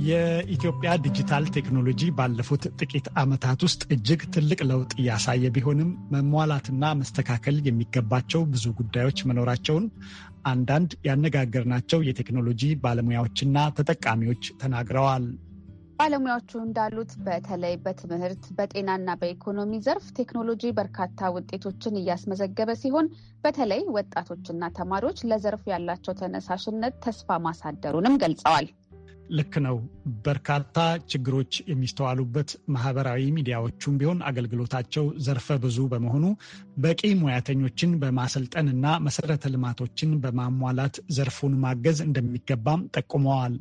የኢትዮጵያ ዲጂታል ቴክኖሎጂ ባለፉት ጥቂት ዓመታት ውስጥ እጅግ ትልቅ ለውጥ እያሳየ ቢሆንም መሟላትና መስተካከል የሚገባቸው ብዙ ጉዳዮች መኖራቸውን አንዳንድ ያነጋገርናቸው የቴክኖሎጂ ባለሙያዎችና ተጠቃሚዎች ተናግረዋል። ባለሙያዎቹ እንዳሉት በተለይ በትምህርት በጤናና በኢኮኖሚ ዘርፍ ቴክኖሎጂ በርካታ ውጤቶችን እያስመዘገበ ሲሆን በተለይ ወጣቶችና ተማሪዎች ለዘርፉ ያላቸው ተነሳሽነት ተስፋ ማሳደሩንም ገልጸዋል። ልክ ነው። በርካታ ችግሮች የሚስተዋሉበት ማህበራዊ ሚዲያዎቹም ቢሆን አገልግሎታቸው ዘርፈ ብዙ በመሆኑ በቂ ሙያተኞችን በማሰልጠንና መሰረተ ልማቶችን በማሟላት ዘርፉን ማገዝ እንደሚገባም ጠቁመዋል።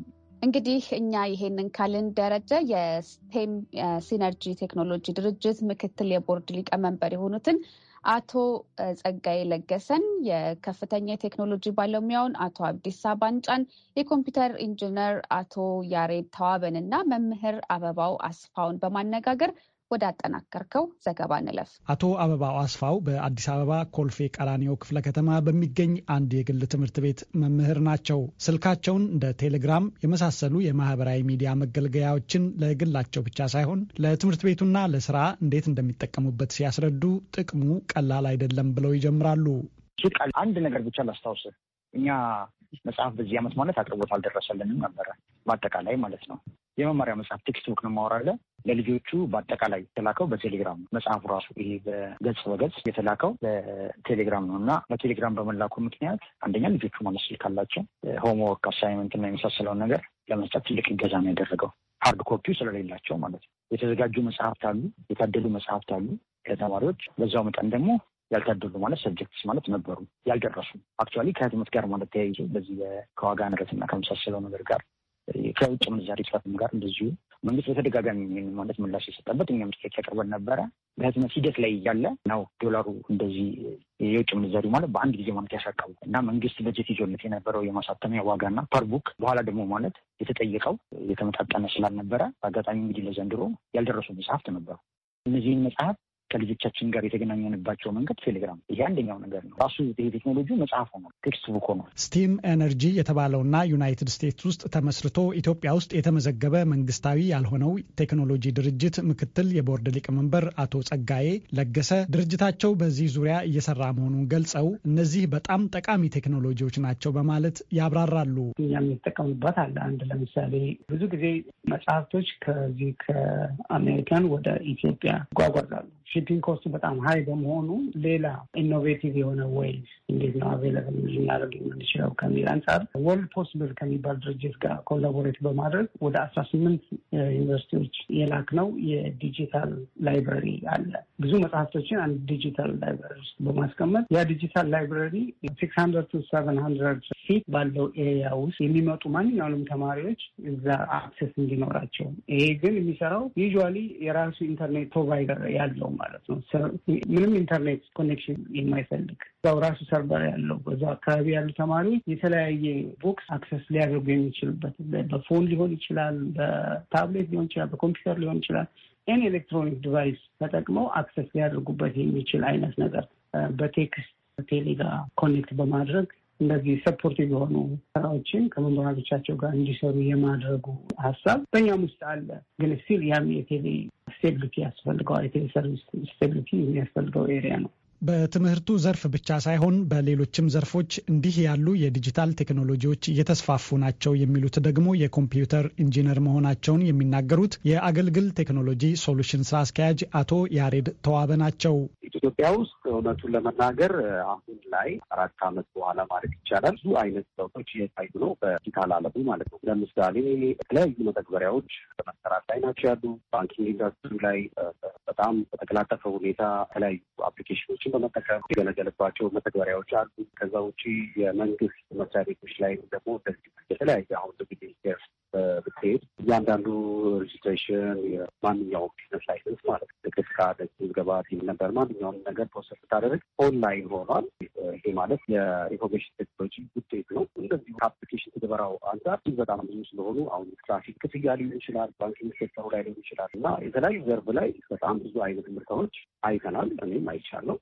እንግዲህ እኛ ይሄንን ካልን ደረጃ የስቴም ሲነርጂ ቴክኖሎጂ ድርጅት ምክትል የቦርድ ሊቀመንበር የሆኑትን አቶ ጸጋዬ ለገሰን የከፍተኛ የቴክኖሎጂ ባለሙያውን አቶ አብዲሳ ባንጫን፣ የኮምፒውተር ኢንጂነር አቶ ያሬድ ተዋበን እና መምህር አበባው አስፋውን በማነጋገር አጠናከርከው ዘገባ እንለፍ። አቶ አበባው አስፋው በአዲስ አበባ ኮልፌ ቀራኒዮ ክፍለ ከተማ በሚገኝ አንድ የግል ትምህርት ቤት መምህር ናቸው። ስልካቸውን እንደ ቴሌግራም የመሳሰሉ የማህበራዊ ሚዲያ መገልገያዎችን ለግላቸው ብቻ ሳይሆን ለትምህርት ቤቱና ለስራ እንዴት እንደሚጠቀሙበት ሲያስረዱ ጥቅሙ ቀላል አይደለም ብለው ይጀምራሉ። አንድ ነገር ብቻ ላስታውስ እኛ መጽሐፍ በዚህ ዓመት ማለት አቅርቦት አልደረሰልንም ነበረ። በአጠቃላይ ማለት ነው የመማሪያ መጽሐፍ ቴክስት ቡክ ነው ማወራለ ለልጆቹ በአጠቃላይ የተላከው በቴሌግራም መጽሐፉ ራሱ ይሄ በገጽ በገጽ የተላከው በቴሌግራም ነው እና በቴሌግራም በመላኩ ምክንያት አንደኛ ልጆቹ ማለት ስልክ አላቸው። ሆምወርክ አሳይመንትና የመሳሰለውን ነገር ለመስጠት ትልቅ እገዛ ነው ያደረገው። ሀርድ ኮፒው ስለሌላቸው ማለት ነው። የተዘጋጁ መጽሐፍት አሉ፣ የታደሉ መጽሐፍት አሉ ለተማሪዎች። በዛው መጠን ደግሞ ያልታደሉ ማለት ሰብጀክትስ ማለት ነበሩ ያልደረሱ አክቹዋሊ ከህትመት ጋር ማለት ተያይዞ በዚህ ከዋጋ እና ከመሳሰለው ነገር ጋር ከውጭ ምንዛሪ ጽፈትም ጋር እንደዚሁ መንግስት በተደጋጋሚ ማለት ምላሽ የሰጠበት እኛም ጥያቄ ያቀርበን ነበረ። በህትመት ሂደት ላይ እያለ ነው ዶላሩ እንደዚህ የውጭ ምንዛሪ ማለት በአንድ ጊዜ ማለት ያሻቀቡ እና መንግስት በጀት ይዞነት የነበረው የማሳተሚያ ና ፐርቡክ በኋላ ደግሞ ማለት የተጠየቀው የተመጣጠነ ስላልነበረ በአጋጣሚ እንግዲህ ለዘንድሮ ያልደረሱ መጽሐፍት ነበሩ። እነዚህን መጽሐፍ ከልጆቻችን ጋር የተገናኘንባቸው መንገድ ቴሌግራም፣ ይሄ አንደኛው ነገር ነው። ራሱ ይሄ ቴክኖሎጂ መጽሐፍ ሆኗል፣ ቴክስት ቡክ ሆኗል። ስቲም ኤነርጂ የተባለውና ዩናይትድ ስቴትስ ውስጥ ተመስርቶ ኢትዮጵያ ውስጥ የተመዘገበ መንግስታዊ ያልሆነው ቴክኖሎጂ ድርጅት ምክትል የቦርድ ሊቀመንበር አቶ ጸጋዬ ለገሰ ድርጅታቸው በዚህ ዙሪያ እየሰራ መሆኑን ገልጸው እነዚህ በጣም ጠቃሚ ቴክኖሎጂዎች ናቸው በማለት ያብራራሉ። እኛ የምንጠቀምበት አለ አንድ ለምሳሌ ብዙ ጊዜ መጽሐፍቶች ከዚህ ከአሜሪካን ወደ ኢትዮጵያ ይጓጓዛሉ። ሺፒንግ ኮስቱ በጣም ሀይ በመሆኑ ሌላ ኢኖቬቲቭ የሆነ ዌይዝ እንዴት ነው አቬለብል ልናደርግ የምንችለው ከሚል አንጻር ወርልድ ፖስብል ከሚባል ድርጅት ጋር ኮላቦሬት በማድረግ ወደ አስራ ስምንት ዩኒቨርሲቲዎች የላክነው የዲጂታል ላይብረሪ አለ። ብዙ መጽሐፍቶችን አንድ ዲጂታል ላይብረሪ ውስጥ በማስቀመጥ ያ ዲጂታል ላይብረሪ ሲክስ ሀንድረድ ቱ ሰቨን ሀንድረድ ፊት ባለው ኤሪያ ውስጥ የሚመጡ ማንኛውንም ተማሪዎች እዛ አክሴስ እንዲኖራቸው ይሄ ግን የሚሰራው ዩዥዋሊ የራሱ ኢንተርኔት ፕሮቫይደር ያለው ማለት ነው። ምንም ኢንተርኔት ኮኔክሽን የማይፈልግ ራሱ ሰርቨር ያለው በዛ አካባቢ ያሉ ተማሪዎች የተለያየ ቦክስ አክሰስ ሊያደርጉ የሚችሉበት በፎን ሊሆን ይችላል፣ በታብሌት ሊሆን ይችላል፣ በኮምፒውተር ሊሆን ይችላል። ኤን ኤሌክትሮኒክ ዲቫይስ ተጠቅመው አክሰስ ሊያደርጉበት የሚችል አይነት ነገር በቴክስት ቴሌጋ ኮኔክት በማድረግ እንደዚህ ሰፖርቲቭ የሆኑ ስራዎችን ከመምህራኖቻቸው ጋር እንዲሰሩ የማድረጉ ሀሳብ በእኛም ውስጥ አለ። ግን ስቲል ያም የቴሌ ስቴቢሊቲ ያስፈልገዋል። የቴሌ ሰርቪስ ስቴቢሊቲ የሚያስፈልገው ኤሪያ ነው። በትምህርቱ ዘርፍ ብቻ ሳይሆን በሌሎችም ዘርፎች እንዲህ ያሉ የዲጂታል ቴክኖሎጂዎች እየተስፋፉ ናቸው የሚሉት ደግሞ የኮምፒውተር ኢንጂነር መሆናቸውን የሚናገሩት የአገልግል ቴክኖሎጂ ሶሉሽን ስራ አስኪያጅ አቶ ያሬድ ተዋበ ናቸው። ኢትዮጵያ ውስጥ እውነቱን ለመናገር አሁን ላይ አራት ዓመት በኋላ ማለት ይቻላል ብዙ አይነት ለውጦች እየታዩ ነው፣ በዲጂታል ዓለሙ ማለት ነው። ለምሳሌ የተለያዩ መተግበሪያዎች በመሰራት ላይ ናቸው ያሉ ባንኪንግ ኢንዱስትሪ ላይ በጣም በተቀላጠፈ ሁኔታ የተለያዩ አፕሊኬሽኖችን በመጠቀም የገለገልባቸው መተግበሪያዎች አሉ። ከዛ ውጪ የመንግስት መስሪያ ቤቶች ላይ ደግሞ እንደዚህ የተለያዩ አሁን ሚኒስቴር ብትሄድ እያንዳንዱ ሬጅስትሬሽን ማንኛውም ቢዝነስ ላይሰንስ ማለት ነው ትክስ ካለ ምዝገባ ነበር ማንኛውም ነገር ፕሮሰስ ብታደርግ ኦንላይን ሆኗል። ይሄ ማለት የኢንፎርሜሽን ቴክኖሎጂ ውጤት ነው። እንደዚሁ ከአፕሊኬሽን ትግበራው አንጻር በጣም ብዙ ስለሆኑ አሁን ትራፊክ ክፍያ ሊሆን ይችላል፣ ባንኪንግ ሴክተሩ ላይ ሊሆን ይችላል እና የተለያዩ ዘርፍ ላይ በጣም ብዙ አይነት ምርታዎች አይተናል። እኔም አይቻለሁ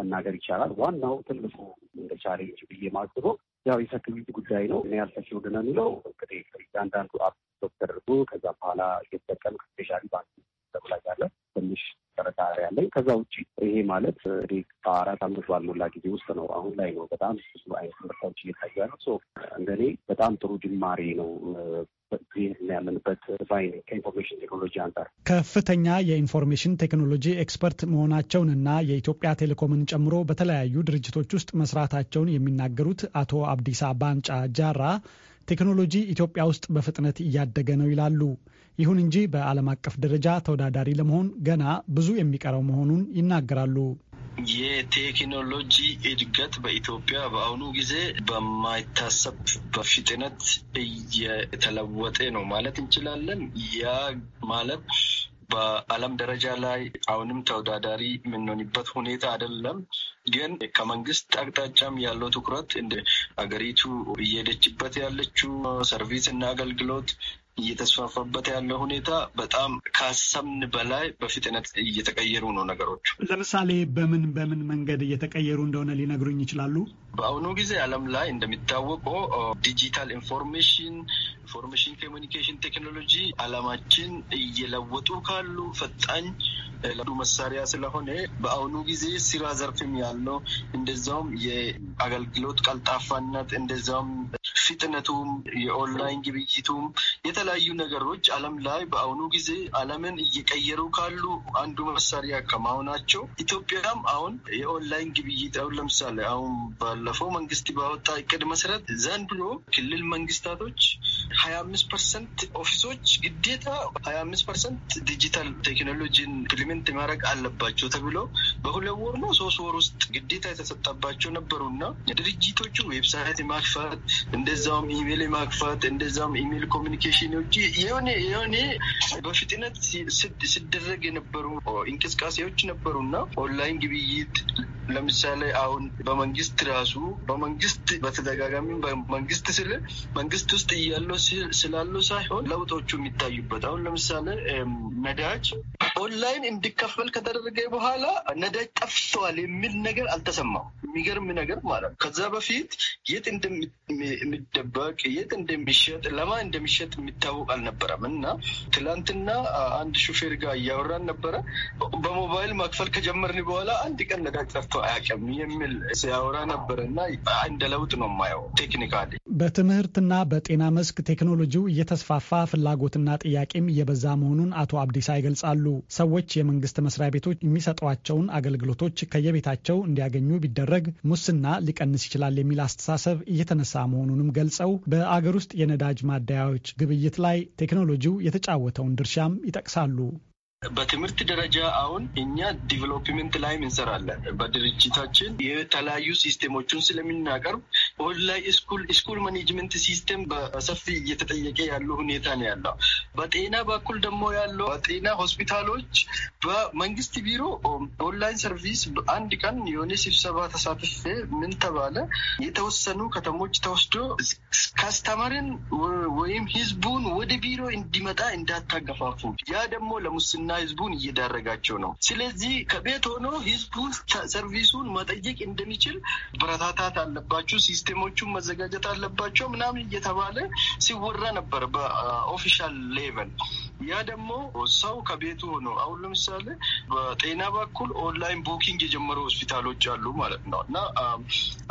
መናገር ይቻላል። ዋናው ትልቁ እንደ ቻሌንጅ ብዬ ማስበው ያው የሴኪሪቲ ጉዳይ ነው። እኔ ያልፈችው ለሚለው እንግዲህ አንዳንዱ ዶክተር ከዛ በኋላ እየተጠቀም ስፔሻሊ ባንክ ገንዘብ ትንሽ ጥረት ያለኝ። ከዛ ውጭ ይሄ ማለት እንግዲህ በአራት አመት ባልሞላ ጊዜ ውስጥ ነው። አሁን ላይ ነው በጣም ብዙ አይነት ምርታዎች እየታዩ ያለው። እንደኔ በጣም ጥሩ ጅማሬ ነው ከኢንፎርሜሽን ቴክኖሎጂ አንጻር ከፍተኛ የኢንፎርሜሽን ቴክኖሎጂ ኤክስፐርት መሆናቸውንና የኢትዮጵያ ቴሌኮምን ጨምሮ በተለያዩ ድርጅቶች ውስጥ መስራታቸውን የሚናገሩት አቶ አብዲሳ ባንጫ ጃራ ቴክኖሎጂ ኢትዮጵያ ውስጥ በፍጥነት እያደገ ነው ይላሉ። ይሁን እንጂ በዓለም አቀፍ ደረጃ ተወዳዳሪ ለመሆን ገና ብዙ የሚቀረው መሆኑን ይናገራሉ። የቴክኖሎጂ እድገት በኢትዮጵያ በአሁኑ ጊዜ በማይታሰብ በፍጥነት እየተለወጠ ነው ማለት እንችላለን። ያ ማለት በዓለም ደረጃ ላይ አሁንም ተወዳዳሪ የምንሆንበት ሁኔታ አይደለም። ግን ከመንግስት አቅጣጫም ያለው ትኩረት እንደ ሀገሪቱ እየሄደችበት ያለችው ሰርቪስ እና አገልግሎት እየተስፋፋበት ያለ ሁኔታ በጣም ካሰብን በላይ በፍጥነት እየተቀየሩ ነው ነገሮች። ለምሳሌ በምን በምን መንገድ እየተቀየሩ እንደሆነ ሊነግሩኝ ይችላሉ? በአሁኑ ጊዜ ዓለም ላይ እንደሚታወቀው ዲጂታል ኢንፎርሜሽን ኢንፎርሜሽን ኮሚኒኬሽን ቴክኖሎጂ ዓለማችን እየለወጡ ካሉ ፈጣኝ ለዱ መሳሪያ ስለሆነ በአሁኑ ጊዜ ስራ ዘርፍም ያለው እንደዛውም የአገልግሎት ቀልጣፋነት እንደዛውም ፍጥነቱም የኦንላይን ግብይቱም የተለያዩ ነገሮች ዓለም ላይ በአሁኑ ጊዜ ዓለምን እየቀየሩ ካሉ አንዱ መሳሪያ ከማሆናቸው ኢትዮጵያም አሁን የኦንላይን ግብይት አሁን ለምሳሌ አሁን ባለፈው መንግስት ባወጣ እቅድ መሰረት ዘንድሮ ክልል መንግስታቶች ሀያ አምስት ፐርሰንት ኦፊሶች ግዴታ ሀያ አምስት ፐርሰንት ዲጂታል ቴክኖሎጂን ኢምፕሊመንት ማድረግ አለባቸው ተብሎ በሁለት ወር ነው ሶስት ወር ውስጥ ግዴታ የተሰጠባቸው ነበሩና ድርጅቶቹ ዌብሳይት የማክፋት እንደዛውም ኢሜል የማክፋት እንደዛውም ኢሜል ኮሚኒኬሽን ውጭ የሆነ የሆነ በፍጥነት ሲደረግ የነበሩ እንቅስቃሴዎች ነበሩ እና ኦንላይን ግብይት ለምሳሌ አሁን በመንግስት ራሱ በመንግስት በተደጋጋሚ በመንግስት ስል መንግስት ውስጥ እያለው ስላለው ሳይሆን ለውጦቹ የሚታዩበት አሁን ለምሳሌ ነዳጅ ኦንላይን እንዲከፈል ከተደረገ በኋላ ነዳጅ ጠፍተዋል የሚል ነገር አልተሰማም። የሚገርም ነገር ማለት ነው። ከዛ በፊት የት እንደሚደበቅ የት እንደሚሸጥ ለማን እንደሚሸጥ የሚታ የሚታወቅ አልነበረም እና ትላንትና አንድ ሹፌር ጋር እያወራን ነበረ። በሞባይል ማክፈል ከጀመርን በኋላ አንድ ቀን ነዳጅ ጠፍቶ አያውቅም የሚል ሲያወራ ነበረ እና እንደ ለውጥ ነው የማየው። ቴክኒካሊ በትምህርትና በጤና መስክ ቴክኖሎጂው እየተስፋፋ ፍላጎትና ጥያቄም እየበዛ መሆኑን አቶ አብዲሳ ይገልጻሉ። ሰዎች የመንግስት መስሪያ ቤቶች የሚሰጧቸውን አገልግሎቶች ከየቤታቸው እንዲያገኙ ቢደረግ ሙስና ሊቀንስ ይችላል የሚል አስተሳሰብ እየተነሳ መሆኑንም ገልጸው በአገር ውስጥ የነዳጅ ማደያዎች ግብይት ላይ ቴክኖሎጂው የተጫወተውን ድርሻም ይጠቅሳሉ። በትምህርት ደረጃ አሁን እኛ ዲቨሎፕመንት ላይም እንሰራለን። በድርጅታችን የተለያዩ ሲስቴሞችን ስለምናቀርብ ኦንላይን ስኩል ስኩል ማኔጅመንት ሲስተም በሰፊ እየተጠየቀ ያለ ሁኔታ ነው ያለው። በጤና በኩል ደግሞ ያለው ጤና ሆስፒታሎች በመንግስት ቢሮ ኦንላይን ሰርቪስ አንድ ቀን የሆነ ስብሰባ ተሳትፌ ምን ተባለ የተወሰኑ ከተሞች ተወስዶ ከስተመርን ወይም ህዝቡን ወደ ቢሮ እንዲመጣ እንዳታገፋፉ ያ ደግሞ ለሙስና እና ህዝቡን እየዳረጋቸው ነው። ስለዚህ ከቤት ሆኖ ህዝቡ ሰርቪሱን መጠየቅ እንደሚችል ብረታታት አለባቸው፣ ሲስቴሞቹን መዘጋጀት አለባቸው ምናምን እየተባለ ሲወራ ነበር በኦፊሻል ሌቨል። ያ ደግሞ ሰው ከቤቱ ሆኖ አሁን ለምሳሌ በጤና በኩል ኦንላይን ቡኪንግ የጀመሩ ሆስፒታሎች አሉ ማለት ነው እና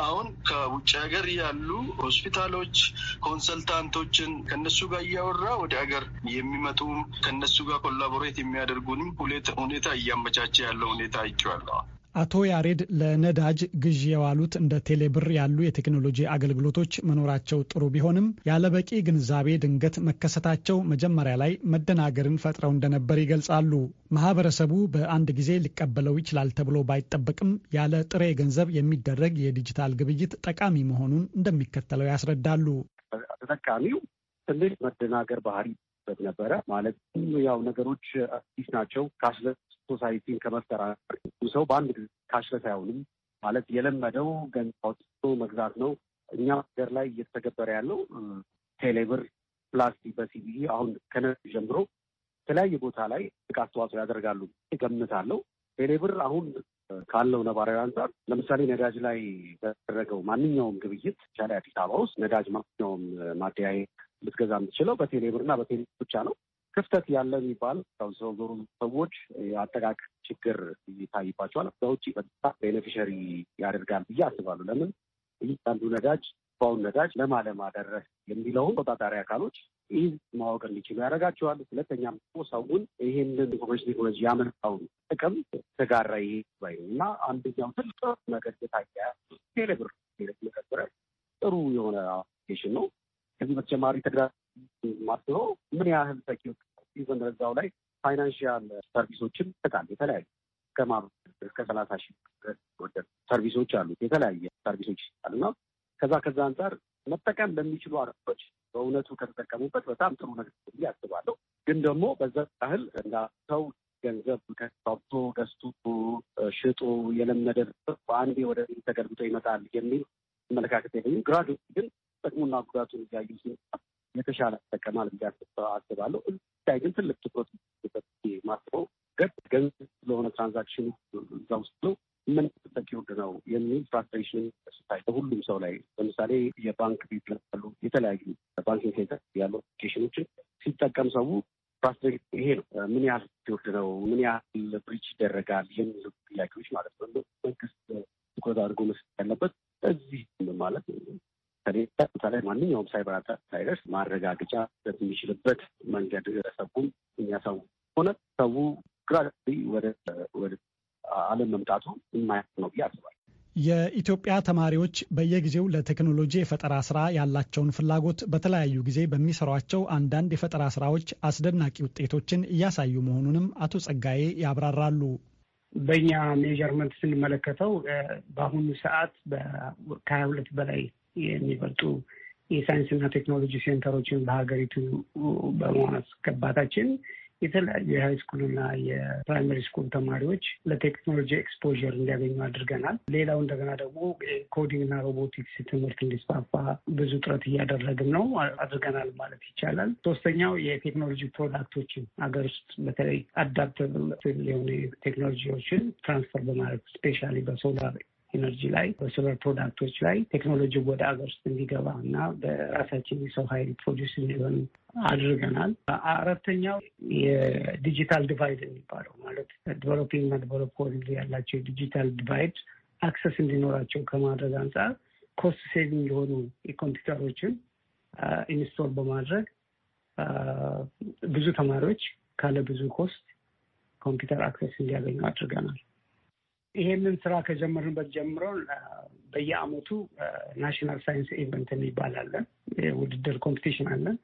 አሁን ከውጭ ሀገር ያሉ ሆስፒታሎች ኮንሰልታንቶችን ከነሱ ጋር እያወራ ወደ ሀገር የሚመጡ ከነሱ ጋር ኮላቦሬት የሚያ የሚያደርጉንም ሁኔታ እያመቻቸ ያለው ሁኔታ አይቼዋለሁ። አቶ ያሬድ ለነዳጅ ግዢ የዋሉት እንደ ቴሌብር ያሉ የቴክኖሎጂ አገልግሎቶች መኖራቸው ጥሩ ቢሆንም ያለበቂ ግንዛቤ ድንገት መከሰታቸው መጀመሪያ ላይ መደናገርን ፈጥረው እንደነበር ይገልጻሉ። ማህበረሰቡ በአንድ ጊዜ ሊቀበለው ይችላል ተብሎ ባይጠበቅም ያለ ጥሬ ገንዘብ የሚደረግ የዲጂታል ግብይት ጠቃሚ መሆኑን እንደሚከተለው ያስረዳሉ። ተጠቃሚው ትንሽ መደናገር ባህሪ ያለበት ነበረ። ማለትም ያው ነገሮች አዲስ ናቸው። ካሽለስ ሶሳይቲን ከመፍጠር ሰው በአንድ ጊዜ ካሽለስ አይሆንም። ማለት የለመደው ገንዘብ አውጥቶ መግዛት ነው። እኛ ሀገር ላይ እየተተገበረ ያለው ቴሌብር ፕላስቲክ በሲቪ አሁን ከነ ጀምሮ የተለያየ ቦታ ላይ ትልቅ አስተዋጽኦ ያደርጋሉ ገምታለው። ቴሌብር አሁን ካለው ነባራዊ አንጻር ለምሳሌ ነዳጅ ላይ በተደረገው ማንኛውም ግብይት ቻላ አዲስ አበባ ውስጥ ነዳጅ ማንኛውም ማደያየት ልትገዛ የምትችለው በቴሌብር እና በቴሌ ብቻ ነው። ክፍተት ያለ የሚባል ሰው ዞሩ ሰዎች የአጠቃቅ ችግር ይታይባቸዋል። በውጭ በጣም ቤኔፊሸሪ ያደርጋል ብዬ አስባሉ። ለምን አንዱ ነዳጅ ባውን ነዳጅ ለማለማ ደረስ የሚለውን ቆጣጣሪ አካሎች ይህ ማወቅ እንዲችሉ ያደርጋቸዋል። ሁለተኛም ደግሞ ሰውን ይህንን ኢንፎርሜሽን ቴክኖሎጂ ያመጣውን ጥቅም ተጋራ ይ ይሄ እና አንደኛው ትልቅ ነገር የታየ ቴሌብር መቀበረ ጥሩ የሆነ አፕሊኬሽን ነው። ከዚህ በተጨማሪ ተግራ ማስበው ምን ያህል ተኪዎች ኢቨን እዛው ላይ ፋይናንሽያል ሰርቪሶችን ይሰጣል። የተለያዩ ከማሩ እስከ ሰላሳ ሺ ወደር ሰርቪሶች አሉት የተለያየ ሰርቪሶች ይሰጣል እና ከዛ ከዛ አንጻር መጠቀም በሚችሉ አረቦች በእውነቱ ከተጠቀሙበት በጣም ጥሩ ነገር ብዬ አስባለሁ። ግን ደግሞ በዛ ያህል እንዳ ሰው ገንዘብ ከብቶ ገዝቶ ሽጦ የለመደ በአንዴ ወደ ተገልብጦ ይመጣል የሚል አመለካከት የለኝም። ግራዱ ግን ጥቅሙና ጉዳቱን እያዩ ሲመጣ የተሻለ ያጠቀማል ብያስብ አስባለሁ። እዚያ ግን ትልቅ ትኩረት ማስበው ገብ ገንዘብ ስለሆነ ትራንዛክሽን እዛ ውስጥ ነው ምን ሰኪውርድ ነው የሚል ትራንዛክሽን ስታይ በሁሉም ሰው ላይ ለምሳሌ የባንክ ቤት ያሉ የተለያዩ ባንክ ሴንተር ያሉ አፕሊኬሽኖችን ሲጠቀም ሰው ፓስፖርት ይሄ ነው ምን ያህል ሲወርድ ነው ምን ያህል ብሪጅ ይደረጋል የሚሉ ጥያቄዎች ማለት ነው። መንግስት ትኩረት አድርጎ መስጠት ያለበት እዚህ ማለት ከቤት ቦታ ላይ ማንኛውም ሳይበር አታክ ሳይደርስ ማረጋገጫ በሚችልበት መንገድ ሰቡም የሚያሳው ሆነ ሰው ግራ ወደ ዓለም መምጣቱ የማያት ነው ብዬ አስባለሁ። የኢትዮጵያ ተማሪዎች በየጊዜው ለቴክኖሎጂ የፈጠራ ስራ ያላቸውን ፍላጎት በተለያዩ ጊዜ በሚሰሯቸው አንዳንድ የፈጠራ ስራዎች አስደናቂ ውጤቶችን እያሳዩ መሆኑንም አቶ ጸጋዬ ያብራራሉ። በእኛ ሜዥርመንት ስንመለከተው በአሁኑ ሰዓት ከሀያ ሁለት በላይ የሚበልጡ የሳይንስና ቴክኖሎጂ ሴንተሮችን በሀገሪቱ በማስገባታችን የተለያዩ የሃይስኩልና የፕራይመሪ ስኩል ተማሪዎች ለቴክኖሎጂ ኤክስፖር እንዲያገኙ አድርገናል። ሌላው እንደገና ደግሞ ኮዲንግና ሮቦቲክስ ትምህርት እንዲስፋፋ ብዙ ጥረት እያደረግን ነው አድርገናል ማለት ይቻላል። ሶስተኛው የቴክኖሎጂ ፕሮዳክቶችን ሀገር ውስጥ በተለይ አዳፕተብል የሆኑ ቴክኖሎጂዎችን ትራንስፈር በማድረግ ስፔሻሊ በሶላር ኢነርጂ ላይ በሶላር ፕሮዳክቶች ላይ ቴክኖሎጂ ወደ ሀገር ውስጥ እንዲገባ እና በራሳችን የሰው ኃይል ፕሮዲስ እንዲሆን አድርገናል። አራተኛው የዲጂታል ዲቫይድ የሚባለው ማለት ዲቨሎፒንግ እና ዲቨሎፕ ያላቸው የዲጂታል ዲቫይድ አክሰስ እንዲኖራቸው ከማድረግ አንጻር ኮስት ሴቪንግ የሆኑ የኮምፒውተሮችን ኢንስቶል በማድረግ ብዙ ተማሪዎች ካለ ብዙ ኮስት ኮምፒውተር አክሰስ እንዲያገኙ አድርገናል። ይሄንን ስራ ከጀመርንበት ጀምሮ በየአመቱ ናሽናል ሳይንስ ኢቨንት ይባላለን የውድድር ኮምፒቲሽን አለን።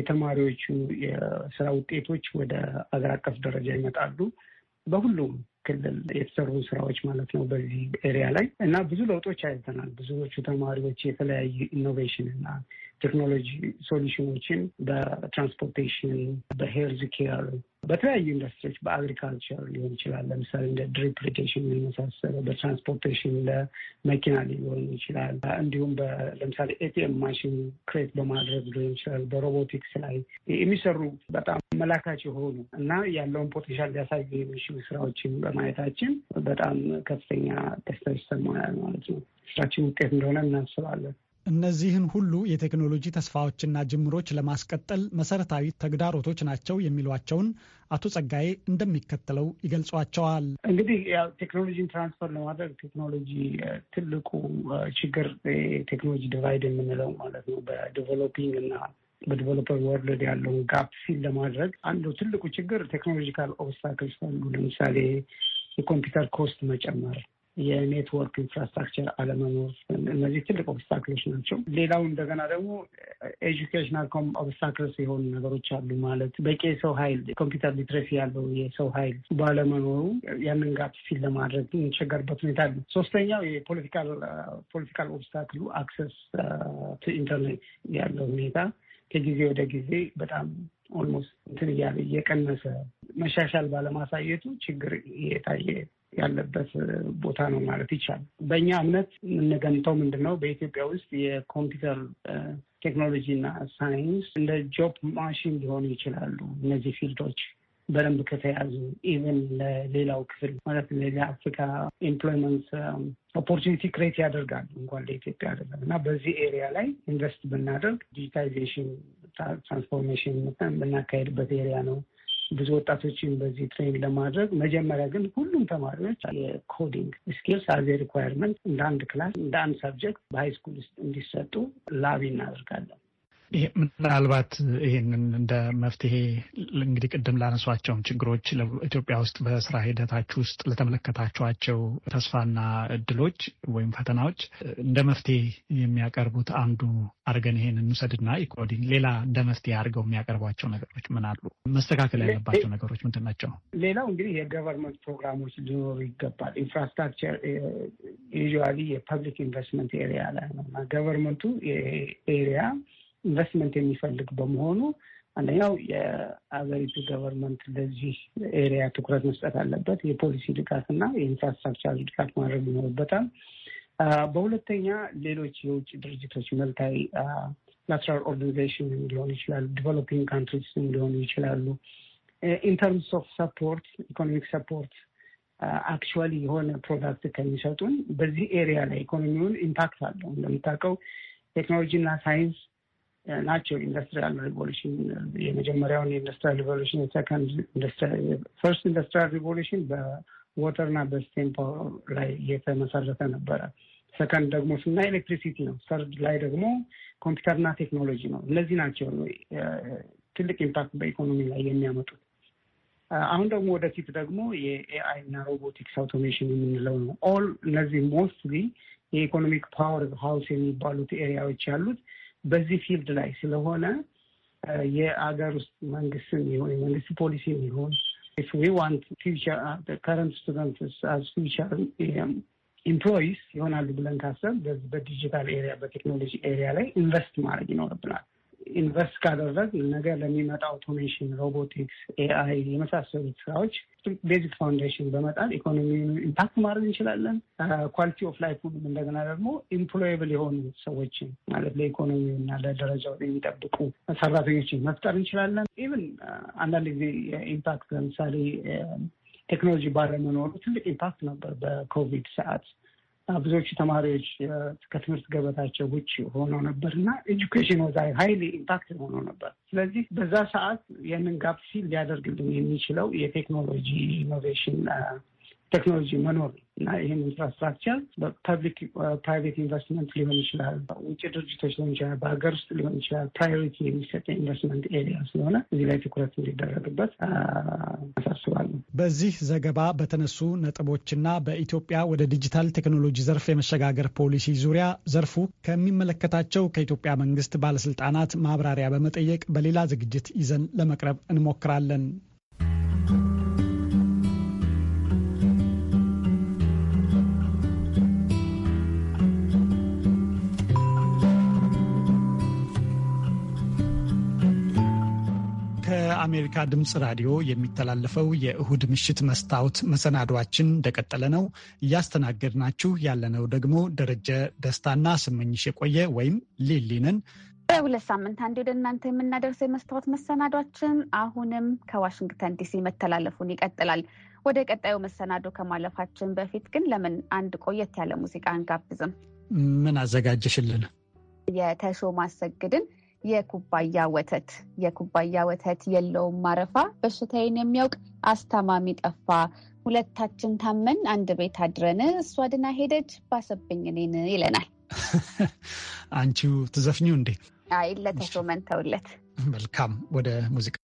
የተማሪዎቹ የስራ ውጤቶች ወደ አገር አቀፍ ደረጃ ይመጣሉ። በሁሉም ክልል የተሰሩ ስራዎች ማለት ነው በዚህ ኤሪያ ላይ እና ብዙ ለውጦች አይተናል። ብዙዎቹ ተማሪዎች የተለያዩ ኢኖቬሽን እና ቴክኖሎጂ ሶሉሽኖችን በትራንስፖርቴሽን፣ በሄልዝ ኬር፣ በተለያዩ ኢንዱስትሪዎች በአግሪካልቸር ሊሆን ይችላል። ለምሳሌ እንደ ድሪፕሊኬሽን የመሳሰለ በትራንስፖርቴሽን ለመኪና ሊሆን ይችላል። እንዲሁም ለምሳሌ ኤቲኤም ማሽን ክሬት በማድረግ ሊሆን ይችላል። በሮቦቲክስ ላይ የሚሰሩ በጣም መላካች የሆኑ እና ያለውን ፖቴንሻል ሊያሳዩ የሚችሉ ስራዎችን በማየታችን በጣም ከፍተኛ ደስታ ይሰማናል ማለት ነው። ስራችን ውጤት እንደሆነ እናስባለን። እነዚህን ሁሉ የቴክኖሎጂ ተስፋዎችና ጅምሮች ለማስቀጠል መሰረታዊ ተግዳሮቶች ናቸው የሚሏቸውን አቶ ጸጋዬ እንደሚከተለው ይገልጿቸዋል። እንግዲህ ያው ቴክኖሎጂን ትራንስፈር ለማድረግ ቴክኖሎጂ ትልቁ ችግር ቴክኖሎጂ ዲቫይድ የምንለው ማለት ነው በዲቨሎፒንግ እና በዲቨሎፐር ወርልድ ያለውን ጋፕ ፊል ለማድረግ አንዱ ትልቁ ችግር ቴክኖሎጂካል ኦብስታክልስ አሉ። ለምሳሌ የኮምፒውተር ኮስት መጨመር የኔትወርክ ኢንፍራስትራክቸር አለመኖር፣ እነዚህ ትልቅ ኦብስታክሎች ናቸው። ሌላው እንደገና ደግሞ ኤጁኬሽናል ኦብስታክልስ የሆኑ ነገሮች አሉ። ማለት በቂ የሰው ኃይል ኮምፒውተር ሊትሬሲ ያለው የሰው ኃይል ባለመኖሩ ያንን ጋፕ ፊል ለማድረግ የሚቸገርበት ሁኔታ አለ። ሶስተኛው የፖለቲካል ኦብስታክሉ አክሰስ ቱ ኢንተርኔት ያለው ሁኔታ ከጊዜ ወደ ጊዜ በጣም ኦልሞስት እንትን እያለ እየቀነሰ መሻሻል ባለማሳየቱ ችግር እየታየ ያለበት ቦታ ነው ማለት ይቻላል። በእኛ እምነት የምንገምተው ምንድን ነው በኢትዮጵያ ውስጥ የኮምፒውተር ቴክኖሎጂ እና ሳይንስ እንደ ጆብ ማሽን ሊሆኑ ይችላሉ። እነዚህ ፊልዶች በደንብ ከተያዙ ኢቨን ለሌላው ክፍል ማለት ለአፍሪካ ኤምፕሎይመንት ኦፖርቹኒቲ ክሬት ያደርጋሉ እንኳን ለኢትዮጵያ አይደለም እና በዚህ ኤሪያ ላይ ኢንቨስት ብናደርግ ዲጂታይዜሽን ትራንስፎርሜሽን ብናካሄድበት ኤሪያ ነው ብዙ ወጣቶችን በዚህ ትሬን ለማድረግ መጀመሪያ ግን ሁሉም ተማሪዎች የኮዲንግ ስኪልስ አዜ ሪኳየርመንት እንደ አንድ ክላስ እንደ አንድ ሰብጀክት በሃይ ስኩል ውስጥ እንዲሰጡ ላቢ እናደርጋለን። ምናልባት ይህንን እንደ መፍትሄ እንግዲህ ቅድም ላነሷቸውም ችግሮች ኢትዮጵያ ውስጥ በስራ ሂደታችሁ ውስጥ ለተመለከታችኋቸው ተስፋና እድሎች ወይም ፈተናዎች እንደ መፍትሄ የሚያቀርቡት አንዱ አድርገን ይሄን እንውሰድና ኢኮዲንግ ሌላ እንደ መፍትሄ አድርገው የሚያቀርቧቸው ነገሮች ምን አሉ? መስተካከል ያለባቸው ነገሮች ምንድን ናቸው? ሌላው እንግዲህ የገቨርንመንት ፕሮግራሞች ሊኖሩ ይገባል። ኢንፍራስትራክቸር ዩዥዋሊ የፐብሊክ ኢንቨስትመንት ኤሪያ ላይ ነው እና ገቨርንመንቱ ኤሪያ ኢንቨስትመንት የሚፈልግ በመሆኑ አንደኛው የአገሪቱ ገቨርንመንት ለዚህ ኤሪያ ትኩረት መስጠት አለበት። የፖሊሲ እና የኢንፍራስትራክቸር ድጋፍ ማድረግ ይኖርበታል። በሁለተኛ ሌሎች የውጭ ድርጅቶች መልታዊ ላትራል ኦርጋኒዜሽን ሊሆኑ ይችላሉ፣ ዲቨሎፒንግ ካንትሪስ ሊሆኑ ይችላሉ። ኢንተርምስ ኦፍ ሰፖርት ኢኮኖሚክ ሰፖርት አክቹዋሊ የሆነ ፕሮዳክት ከሚሰጡን በዚህ ኤሪያ ላይ ኢኮኖሚውን ኢምፓክት አለው። እንደምታውቀው ቴክኖሎጂ እና ሳይንስ ናቸው። ኢንዱስትሪያል ሪቮሉሽን የመጀመሪያውን የኢንዱስትሪያል ሪቮሉሽን የሰከንድ ፈርስት ኢንዱስትሪያል ሪቮሉሽን በወተር በስቴም ፓወር ላይ የተመሰረተ ነበረ። ሰከንድ ደግሞ ስናይ ኤሌክትሪሲቲ ነው። ሰርድ ላይ ደግሞ ኮምፒውተርና ቴክኖሎጂ ነው። እነዚህ ናቸው ትልቅ ኢምፓክት በኢኮኖሚ ላይ የሚያመጡት። አሁን ደግሞ ወደፊት ደግሞ የኤአይ እና ሮቦቲክስ አውቶሜሽን የምንለው ነው። ኦል እነዚህ ሞስትሊ የኢኮኖሚክ ፓወር ሀውስ የሚባሉት ኤሪያዎች ያሉት በዚህ ፊልድ ላይ ስለሆነ የአገር ውስጥ መንግስትም ይሁን የመንግስት ፖሊሲም ይሁን ዊ ዋንት ፊውቸር ከረንት ስቱደንትስ አዝ ፊውቸር ኢምፕሎይስ ይሆናሉ ብለን ካሰብ በዲጂታል ኤሪያ በቴክኖሎጂ ኤሪያ ላይ ኢንቨስት ማድረግ ይኖርብናል። ኢንቨስት ካደረግ ነገ ለሚመጣ አውቶሜሽን፣ ሮቦቲክስ፣ ኤአይ የመሳሰሉት ስራዎች ቤዚክ ፋውንዴሽን በመጣል ኢኮኖሚውን ኢምፓክት ማድረግ እንችላለን። ኳሊቲ uh, ኦፍ ሁሉም እንደገና ደግሞ ኢምፕሎየብል የሆኑ ሰዎችን ማለት ለኢኮኖሚው እና ለደረጃው የሚጠብቁ ሰራተኞችን መፍጠር እንችላለን። ኢቨን uh, አንዳንድ ጊዜ ኢምፓክት ለምሳሌ ቴክኖሎጂ uh, ባለመኖሩ ትልቅ ኢምፓክት ነበር በኮቪድ ሰዓት ብዙዎቹ ተማሪዎች ከትምህርት ገበታቸው ውጭ ሆኖ ነበር እና ኤጁኬሽን ወዛ ሀይሊ ኢምፓክት ሆኖ ነበር። ስለዚህ በዛ ሰዓት ያንን ጋፕ ሲል ሊያደርግልን የሚችለው የቴክኖሎጂ ኢኖቬሽን ቴክኖሎጂ መኖር እና ይህን ኢንፍራስትራክቸር በፐብሊክ ፕራይቬት ኢንቨስትመንት ሊሆን ይችላል፣ ውጭ ድርጅቶች ሊሆን ይችላል፣ በሀገር ውስጥ ሊሆን ይችላል። ፕራዮሪቲ የሚሰጥ ኢንቨስትመንት ኤሪያ ስለሆነ እዚህ ላይ ትኩረት እንዲደረግበት አሳስባለሁ። በዚህ ዘገባ በተነሱ ነጥቦችና በኢትዮጵያ ወደ ዲጂታል ቴክኖሎጂ ዘርፍ የመሸጋገር ፖሊሲ ዙሪያ ዘርፉ ከሚመለከታቸው ከኢትዮጵያ መንግስት ባለስልጣናት ማብራሪያ በመጠየቅ በሌላ ዝግጅት ይዘን ለመቅረብ እንሞክራለን። ከአሜሪካ ድምፅ ራዲዮ የሚተላለፈው የእሁድ ምሽት መስታወት መሰናዷችን እንደቀጠለ ነው። እያስተናገድናችሁ ያለነው ደግሞ ደረጀ ደስታና ስመኝሽ የቆየ ወይም ሊሊንን በሁለት ሳምንት አንዴ ወደ እናንተ የምናደርሰው የመስታወት መሰናዷችን አሁንም ከዋሽንግተን ዲሲ መተላለፉን ይቀጥላል። ወደ ቀጣዩ መሰናዶ ከማለፋችን በፊት ግን ለምን አንድ ቆየት ያለ ሙዚቃ አንጋብዝም? ምን አዘጋጀሽልን? የተሾመ አሰግድን የኩባያ ወተት የኩባያ ወተት የለውም ማረፋ በሽታዬን የሚያውቅ አስታማሚ ጠፋ ሁለታችን ታመን አንድ ቤት አድረን እሷ ድና ሄደች ባሰብኝ እኔን ይለናል። (laughs) አንቺው ትዘፍኚው እንዴ? አይ ለተሾመን ተውለት። መልካም ወደ ሙዚቃ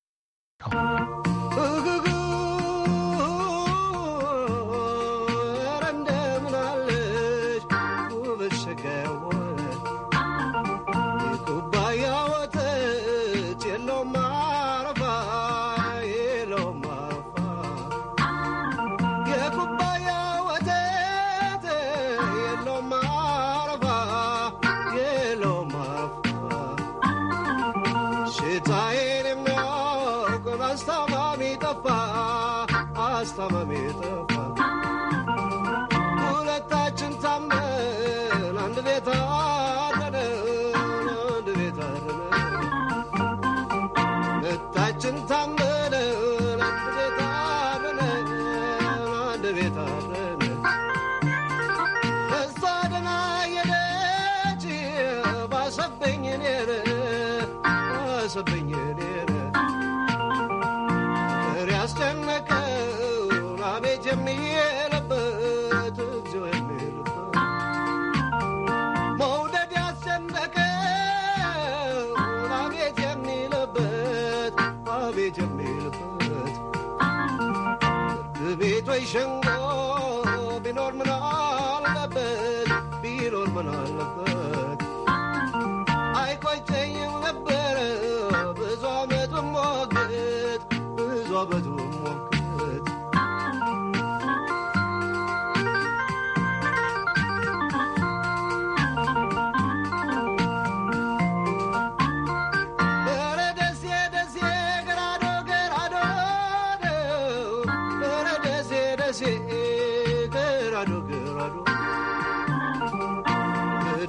ሻዶ ግራዶ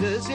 ደሴ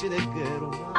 te de quiero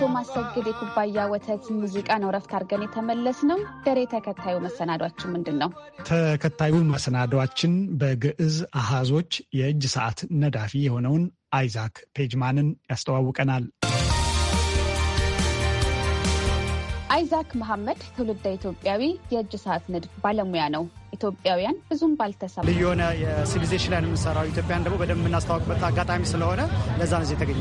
ዳሶ ማሰግድ የኩባያ ወተት ሙዚቃ ነው ረፍት አድርገን የተመለስ ነው። ደሬ ተከታዩ መሰናዷችን ምንድን ነው? ተከታዩ መሰናዷችን በግዕዝ አሃዞች የእጅ ሰዓት ነዳፊ የሆነውን አይዛክ ፔጅማንን ያስተዋውቀናል። አይዛክ መሐመድ ትውልደ ኢትዮጵያዊ የእጅ ሰዓት ንድፍ ባለሙያ ነው። ኢትዮጵያውያን ብዙም ባልተሰማ ልዩ የሆነ የሲቪሊዜሽን ላይ የምንሰራው ኢትዮጵያን ደግሞ በደንብ የምናስተዋውቅበት አጋጣሚ ስለሆነ ለዛ ነው የተገኘ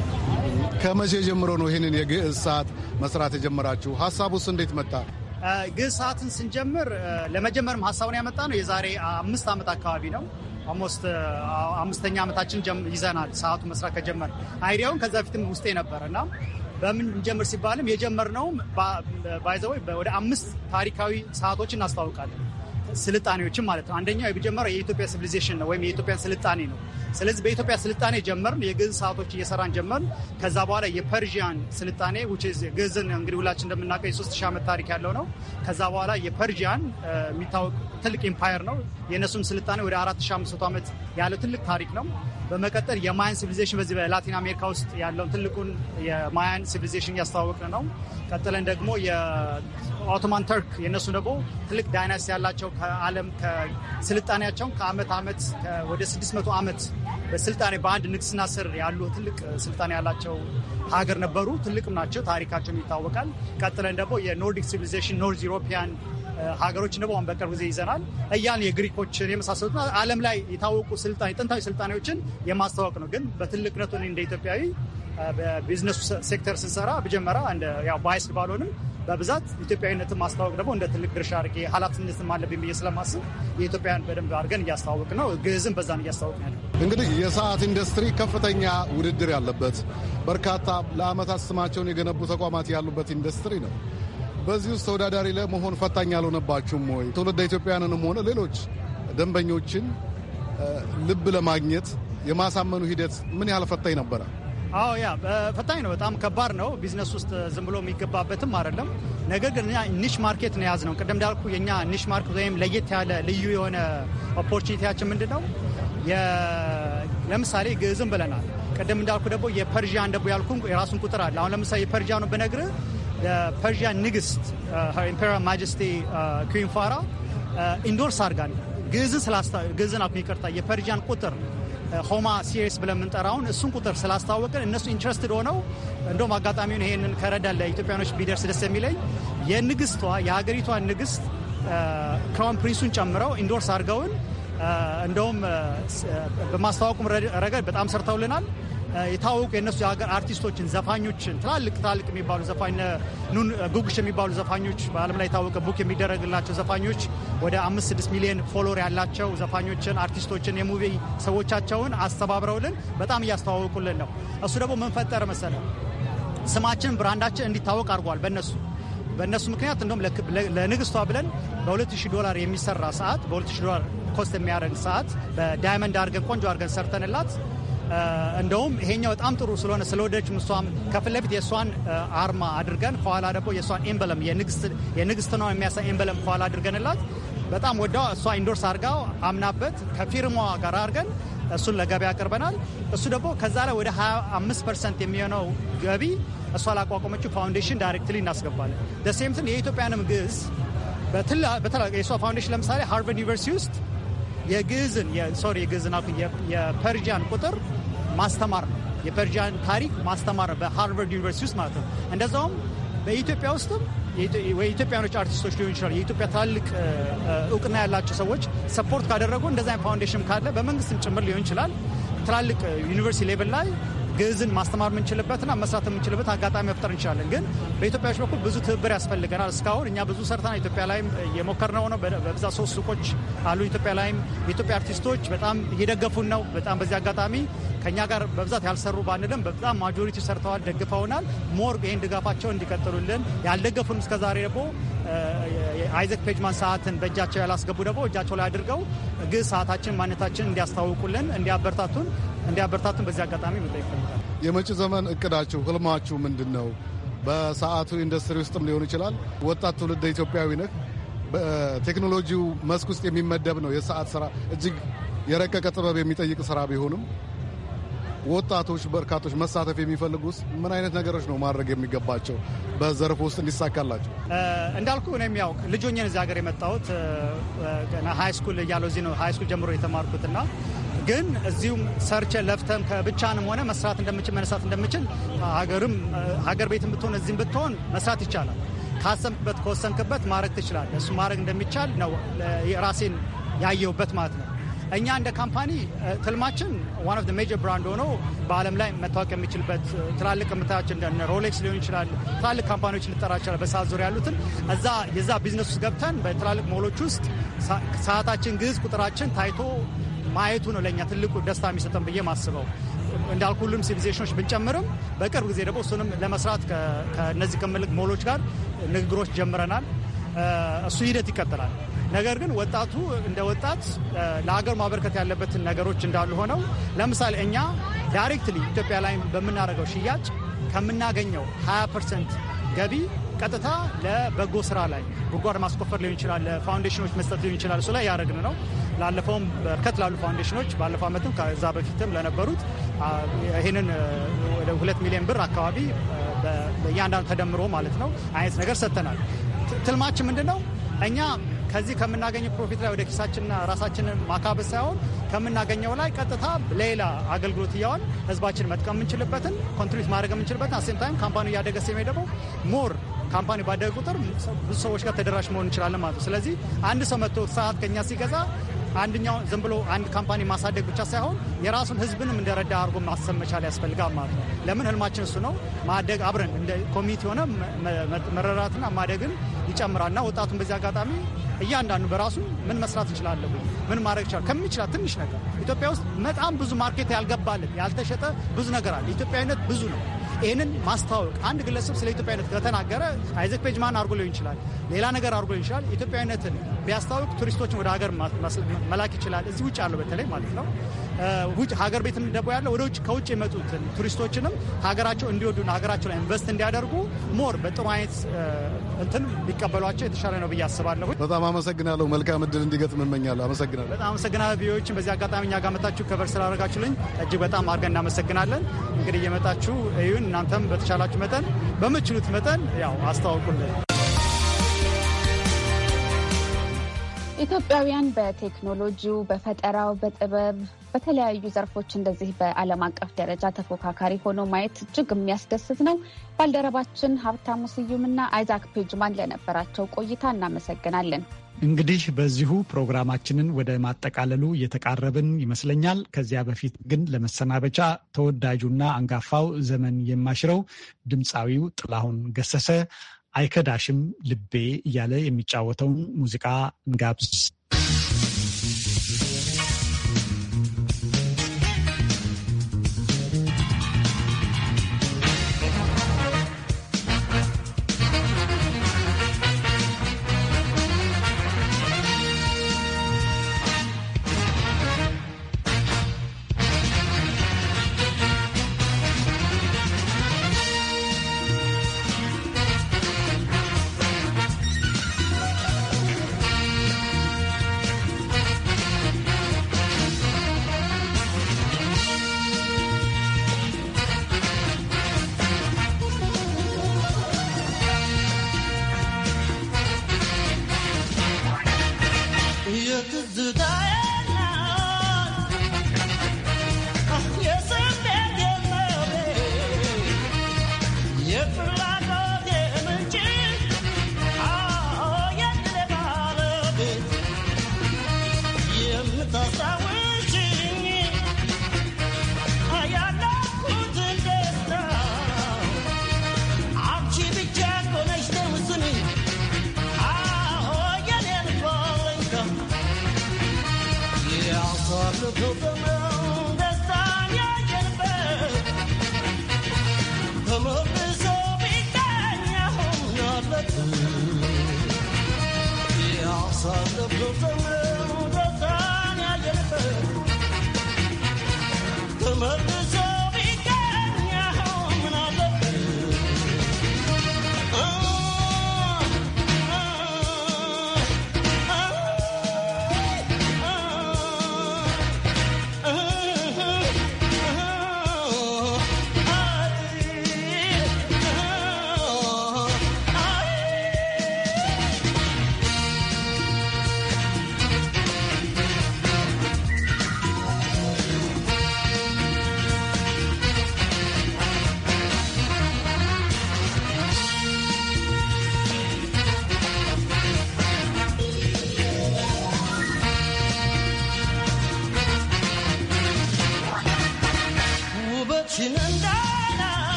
ከመቼ ጀምሮ ነው ይህንን የግዕዝ ሰዓት መስራት የጀመራችሁ? ሀሳቡስ እንዴት መጣ? ግዕዝ ሰዓትን ስንጀምር ለመጀመርም ሀሳቡን ያመጣ ነው የዛሬ አምስት ዓመት አካባቢ ነው። አልሞስት አምስተኛ ዓመታችን ይዘናል። ሰዓቱ መስራት ከጀመር አይዲያውን ከዛ በፊትም ውስጤ ነበር እና በምን እንጀምር ሲባልም የጀመርነውም ባይዘወይ ወደ አምስት ታሪካዊ ሰዓቶች እናስታውቃለን ስልጣኔዎችም ማለት ነው። አንደኛው የሚጀመረው የኢትዮጵያ ሲቪሊዜሽን ነው ወይም የኢትዮጵያን ስልጣኔ ነው። ስለዚህ በኢትዮጵያ ስልጣኔ ጀመርን፣ የግዕዝ ሰዓቶች እየሰራን ጀመርን። ከዛ በኋላ የፐርዥያን ስልጣኔ ግዕዝን እንግዲህ ሁላችን እንደምናውቀው የሶስት ሺህ ዓመት ታሪክ ያለው ነው። ከዛ በኋላ የፐርዥያን የሚታወቅ ትልቅ ኢምፓየር ነው። የእነሱም ስልጣኔ ወደ አራት ሺህ አምስት መቶ ዓመት ያለው ትልቅ ታሪክ ነው። በመቀጠል የማያን ሲቪሊዜሽን በዚህ በላቲን አሜሪካ ውስጥ ያለውን ትልቁን የማያን ሲቪሊዜሽን እያስተዋወቅ ነው። ቀጥለን ደግሞ የኦቶማን ተርክ የእነሱ ደግሞ ትልቅ ዳይናስ ያላቸው ከዓለም ከስልጣኔያቸው ከአመት አመት ወደ 600 ዓመት በስልጣኔ በአንድ ንግስና ስር ያሉ ትልቅ ስልጣኔ ያላቸው ሀገር ነበሩ። ትልቅም ናቸው። ታሪካቸውም ይታወቃል። ቀጥለን ደግሞ የኖርዲክ ሲቪሊዜሽን ኖርዝ ዩሮፒያን ሀገሮችን ደግሞ አሁን በቅርብ ጊዜ ይዘናል እያን የግሪኮችን የመሳሰሉት ዓለም ላይ የታወቁ ጥንታዊ ስልጣኔዎችን የማስተዋወቅ ነው። ግን በትልቅነቱ እንደ ኢትዮጵያዊ በቢዝነሱ ሴክተር ስንሰራ ብጀመራ ባይስ ባልሆንም በብዛት ኢትዮጵያዊነትን ማስተዋወቅ ደግሞ እንደ ትልቅ ድርሻ አድርጌ ኃላፊነትም አለብኝ ብዬ ስለማስብ የኢትዮጵያን በደንብ አድርገን እያስተዋወቅ ነው። ግዕዝም በዛን እያስተዋወቅ ነው። እንግዲህ የሰዓት ኢንዱስትሪ ከፍተኛ ውድድር ያለበት በርካታ ለዓመታት ስማቸውን የገነቡ ተቋማት ያሉበት ኢንዱስትሪ ነው። በዚህ ውስጥ ተወዳዳሪ ለመሆን ፈታኝ ያልሆነባችሁ ወይ? ትውልደ ኢትዮጵያውያንንም ሆነ ሌሎች ደንበኞችን ልብ ለማግኘት የማሳመኑ ሂደት ምን ያህል ፈታኝ ነበረ? አዎ ያ ፈታኝ ነው። በጣም ከባድ ነው። ቢዝነስ ውስጥ ዝም ብሎ የሚገባበትም አይደለም። ነገር ግን እኛ ኒሽ ማርኬት ነው የያዝነው። ቅድም እንዳልኩ የእኛ ኒሽ ማርኬት ወይም ለየት ያለ ልዩ የሆነ ኦፖርቹኒቲያችን ምንድን ነው? ለምሳሌ ግዕዝም ብለናል። ቅድም እንዳልኩ ደግሞ የፐርዣን ደግሞ ያልኩ የራሱን ቁጥር አለ። አሁን ለምሳሌ ነው ብነግርህ ፐርዣ ንግስት ኢምፔሪያል ማጀስቲ ኩዊን ፋራ ኢንዶርስ አድርጋን ግዕዝን ግዕዝን አልኩኝ ይቅርታ፣ የፐርዣን ቁጥር uh, ሆማ ሲሪስ ብለን የምንጠራውን እሱን ቁጥር ስላስታወቅን እነሱ ኢንትረስትድ ሆነው እንደውም አጋጣሚውን ይሄንን ከረዳ ለኢትዮጵያኖች ቢደርስ ደስ የሚለኝ የንግስቷ የሀገሪቷ ንግስት ክራውን uh, ፕሪንሱን ጨምረው ኢንዶርስ አድርገውን uh, እንደውም በማስተዋወቁም ረገድ በጣም ሰርተውልናል። የታወቁ የነሱ የሀገር አርቲስቶችን፣ ዘፋኞችን ትላልቅ ትላልቅ የሚባሉ ዘፋኝ ኑን ጉጉሽ የሚባሉ ዘፋኞች በዓለም ላይ የታወቀ ቡክ የሚደረግላቸው ዘፋኞች ወደ አምስት ስድስት ሚሊዮን ፎሎወር ያላቸው ዘፋኞችን፣ አርቲስቶችን፣ የሙቪ ሰዎቻቸውን አስተባብረውልን በጣም እያስተዋወቁልን ነው። እሱ ደግሞ ምን ፈጠረ መሰለ ስማችን ብራንዳችን እንዲታወቅ አድርጓል። በእነሱ በእነሱ ምክንያት እንደውም ለንግስቷ ብለን በ2000 ዶላር የሚሰራ ሰዓት በ2000 ዶላር ኮስት የሚያደርግ ሰዓት በዳይመንድ አድርገን ቆንጆ አድርገን ሰርተንላት እንደውም ይሄኛው በጣም ጥሩ ስለሆነ ስለወደች እሷም ከፊት ለፊት የእሷን አርማ አድርገን ከኋላ ደግሞ የእሷን ኤምበለም ነው የሚያሳይ ኤምበለም ከኋላ አድርገንላት በጣም ወዳ እሷ ኢንዶርስ አድርጋ አምናበት ከፊርማዋ ጋር አድርገን እሱን ለገበያ አቅርበናል። እሱ ደግሞ ከዛ ላይ ወደ 25 ፐርሰንት የሚሆነው ገቢ እሷ ላቋቋመችው ፋውንዴሽን ዳይሬክትሊ እናስገባለን። ደሴምትን የኢትዮጵያንም ግዝ በተለያዩ የእሷ ፋውንዴሽን ለምሳሌ ሃርቨርድ ዩኒቨርሲቲ ውስጥ የግዕዝን ሶሪ የግዕዝን የፐርዣን ቁጥር ማስተማር ነው። የፐርዣን ታሪክ ማስተማር በሃርቨርድ ዩኒቨርሲቲ ውስጥ ማለት ነው። እንደዛውም በኢትዮጵያ ውስጥም የኢትዮጵያኖች አርቲስቶች ሊሆን ይችላል። የኢትዮጵያ ትላልቅ እውቅና ያላቸው ሰዎች ሰፖርት ካደረጉ እንደዚ ፋውንዴሽን ካለ በመንግስትም ጭምር ሊሆን ይችላል። ትላልቅ ዩኒቨርሲቲ ሌቭል ላይ ግዕዝን ማስተማር የምንችልበትና መስራት የምንችልበት አጋጣሚ መፍጠር እንችላለን። ግን በኢትዮጵያዎች በኩል ብዙ ትብብር ያስፈልገናል። እስካሁን እኛ ብዙ ሰርተናል። ኢትዮጵያ ላይም የሞከርነው ነው። በብዛት ሶስት ሱቆች አሉ። ኢትዮጵያ ላይም የኢትዮጵያ አርቲስቶች በጣም እየደገፉን ነው። በጣም በዚህ አጋጣሚ ከእኛ ጋር በብዛት ያልሰሩ ባንልም በጣም ማጆሪቲ ሰርተዋል፣ ደግፈውናል። ሞር ይህን ድጋፋቸው እንዲቀጥሉልን ያልደገፉን እስከዛሬ ደግሞ አይዘክ ፔጅማን ሰዓትን በእጃቸው ያላስገቡ ደግሞ እጃቸው ላይ አድርገው ግን ሰዓታችን ማነታችን እንዲያስታውቁልን እንዲያበርታቱን እንዲያበርታቱን በዚህ አጋጣሚ መጠየቅ ይፈልጋል። የመጪ ዘመን እቅዳችሁ ህልማችሁ ምንድን ነው? በሰዓቱ ኢንዱስትሪ ውስጥም ሊሆን ይችላል። ወጣት ትውልድ ኢትዮጵያዊ ነህ። በቴክኖሎጂው መስክ ውስጥ የሚመደብ ነው። የሰዓት ስራ እጅግ የረቀቀ ጥበብ የሚጠይቅ ስራ ቢሆንም ወጣቶች በርካቶች መሳተፍ የሚፈልጉስ ምን አይነት ነገሮች ነው ማድረግ የሚገባቸው በዘርፍ ውስጥ እንዲሳካላቸው? እንዳልኩ እኔም የሚያውቅ ልጆኝን እዚህ ሀገር የመጣሁት ሀይ ስኩል እያለሁ እዚህ ነው ሀይ ስኩል ጀምሮ የተማርኩትና ግን እዚሁም ሰርቼ ለፍተም ከብቻንም ሆነ መስራት እንደምችል መነሳት እንደምችል ሀገርም ሀገር ቤትም ብትሆን እዚህም ብትሆን መስራት ይቻላል። ካሰምክበት ከወሰንክበት ማድረግ ትችላለህ። እሱ ማድረግ እንደሚቻል ነው ራሴን ያየሁበት ማለት ነው። እኛ እንደ ካምፓኒ ትልማችን ዋን ኦፍ ዘ ሜጀር ብራንድ ሆኖ በዓለም ላይ መታወቅ የሚችልበት ትላልቅ ምታዎች እንደ ሮሌክስ ሊሆን ይችላል። ትላልቅ ካምፓኒዎች ልጠራ ይችላል። በሰዓት ዙሪያ ያሉትን እዛ የዛ ቢዝነስ ውስጥ ገብተን በትላልቅ ሞሎች ውስጥ ሰዓታችን ግዝ ቁጥራችን ታይቶ ማየቱ ነው ለእኛ ትልቁ ደስታ የሚሰጠን ብዬ ማስበው። እንዳልኩ ሁሉም ሲቪሊዜሽኖች ብንጨምርም በቅርብ ጊዜ ደግሞ እሱንም ለመስራት ከእነዚህ ከምልቅ ሞሎች ጋር ንግግሮች ጀምረናል። እሱ ሂደት ይቀጥላል። ነገር ግን ወጣቱ እንደ ወጣት ለሀገር ማበርከት ያለበትን ነገሮች እንዳሉ ሆነው ለምሳሌ እኛ ዳይሬክትሊ ኢትዮጵያ ላይ በምናደርገው ሽያጭ ከምናገኘው 20 ፐርሰንት ገቢ ቀጥታ ለበጎ ስራ ላይ ጉድጓድ ማስቆፈር ሊሆን ይችላል፣ ለፋውንዴሽኖች መስጠት ሊሆን ይችላል። እሱ ላይ ያደረግን ነው። ላለፈውም በርከት ላሉ ፋውንዴሽኖች ባለፈው ዓመትም ከዛ በፊትም ለነበሩት ይህንን ወደ ሁለት ሚሊዮን ብር አካባቢ በእያንዳንዱ ተደምሮ ማለት ነው አይነት ነገር ሰጥተናል። ትልማችን ምንድን ነው እኛ ከዚህ ከምናገኘው ፕሮፊት ላይ ወደ ኪሳችንና ራሳችንን ማካበስ ሳይሆን ከምናገኘው ላይ ቀጥታ ሌላ አገልግሎት እያዋን ህዝባችን መጥቀም የምንችልበትን ኮንትሪቢዩት ማድረግ የምንችልበትን አሴም ታይም ካምፓኒ እያደገ ሲሄድ ደግሞ ሞር ካምፓኒ ባደገ ቁጥር ብዙ ሰዎች ጋር ተደራሽ መሆን እንችላለን ማለት ነው። ስለዚህ አንድ ሰው መጥቶ ሰዓት ከኛ ሲገዛ አንድኛው ዝም ብሎ አንድ ካምፓኒ ማሳደግ ብቻ ሳይሆን የራሱን ህዝብንም እንደረዳ አድርጎ ማሰብ መቻል ያስፈልጋል ማለት ነው። ለምን ህልማችን እሱ ነው። ማደግ አብረን እንደ ኮሚኒቲ ሆነ መረዳትና ማደግን ይጨምራልና ወጣቱን በዚህ አጋጣሚ እያንዳንዱ በራሱ ምን መስራት እንችላለሁ፣ ምን ማድረግ ይችላል ከሚችላት ትንሽ ነገር ኢትዮጵያ ውስጥ በጣም ብዙ ማርኬት ያልገባልን ያልተሸጠ ብዙ ነገር አለ። ኢትዮጵያዊነት ብዙ ነው። ይህንን ማስተዋወቅ አንድ ግለሰብ ስለ ኢትዮጵያዊነት ከተናገረ አይዘክ ፔጅማን አድርጎ ሊሆን ይችላል፣ ሌላ ነገር አድርጎ ሊሆን ይችላል። ኢትዮጵያዊነትን ቢያስተዋውቅ ቱሪስቶችን ወደ ሀገር መላክ ይችላል። እዚህ ውጭ አለው በተለይ ማለት ነው ውጭ ሀገር ቤትም ደግሞ ያለው ወደ ውጭ ከውጭ የመጡትን ቱሪስቶችንም ሀገራቸው እንዲወዱና ሀገራቸው ላይ ኢንቨስት እንዲያደርጉ ሞር በጥሩ አይነት እንትን ቢቀበሏቸው የተሻለ ነው ብዬ አስባለሁ። በጣም አመሰግናለሁ። መልካም እድል እንዲገጥም እመኛለሁ። አመሰግናለሁ። በጣም አመሰግናለሁ። ቪዎችን በዚህ አጋጣሚ እኛ ጋር መጣችሁ ከበር ስላደረጋችሁልኝ እጅግ በጣም አድርገን እናመሰግናለን። እንግዲህ እየመጣችሁ እዩን። እናንተም በተቻላችሁ መጠን በምችሉት መጠን ያው አስተዋውቁልን። ኢትዮጵያውያን በቴክኖሎጂው፣ በፈጠራው፣ በጥበብ በተለያዩ ዘርፎች እንደዚህ በዓለም አቀፍ ደረጃ ተፎካካሪ ሆኖ ማየት እጅግ የሚያስደስት ነው። ባልደረባችን ሀብታሙ ስዩምና አይዛክ ፔጅማን ለነበራቸው ቆይታ እናመሰግናለን። እንግዲህ በዚሁ ፕሮግራማችንን ወደ ማጠቃለሉ እየተቃረብን ይመስለኛል። ከዚያ በፊት ግን ለመሰናበቻ ተወዳጁና አንጋፋው ዘመን የማሽረው ድምፃዊው ጥላሁን ገሰሰ አይከዳሽም ልቤ እያለ የሚጫወተውን ሙዚቃ እንጋብዝ። the blue from the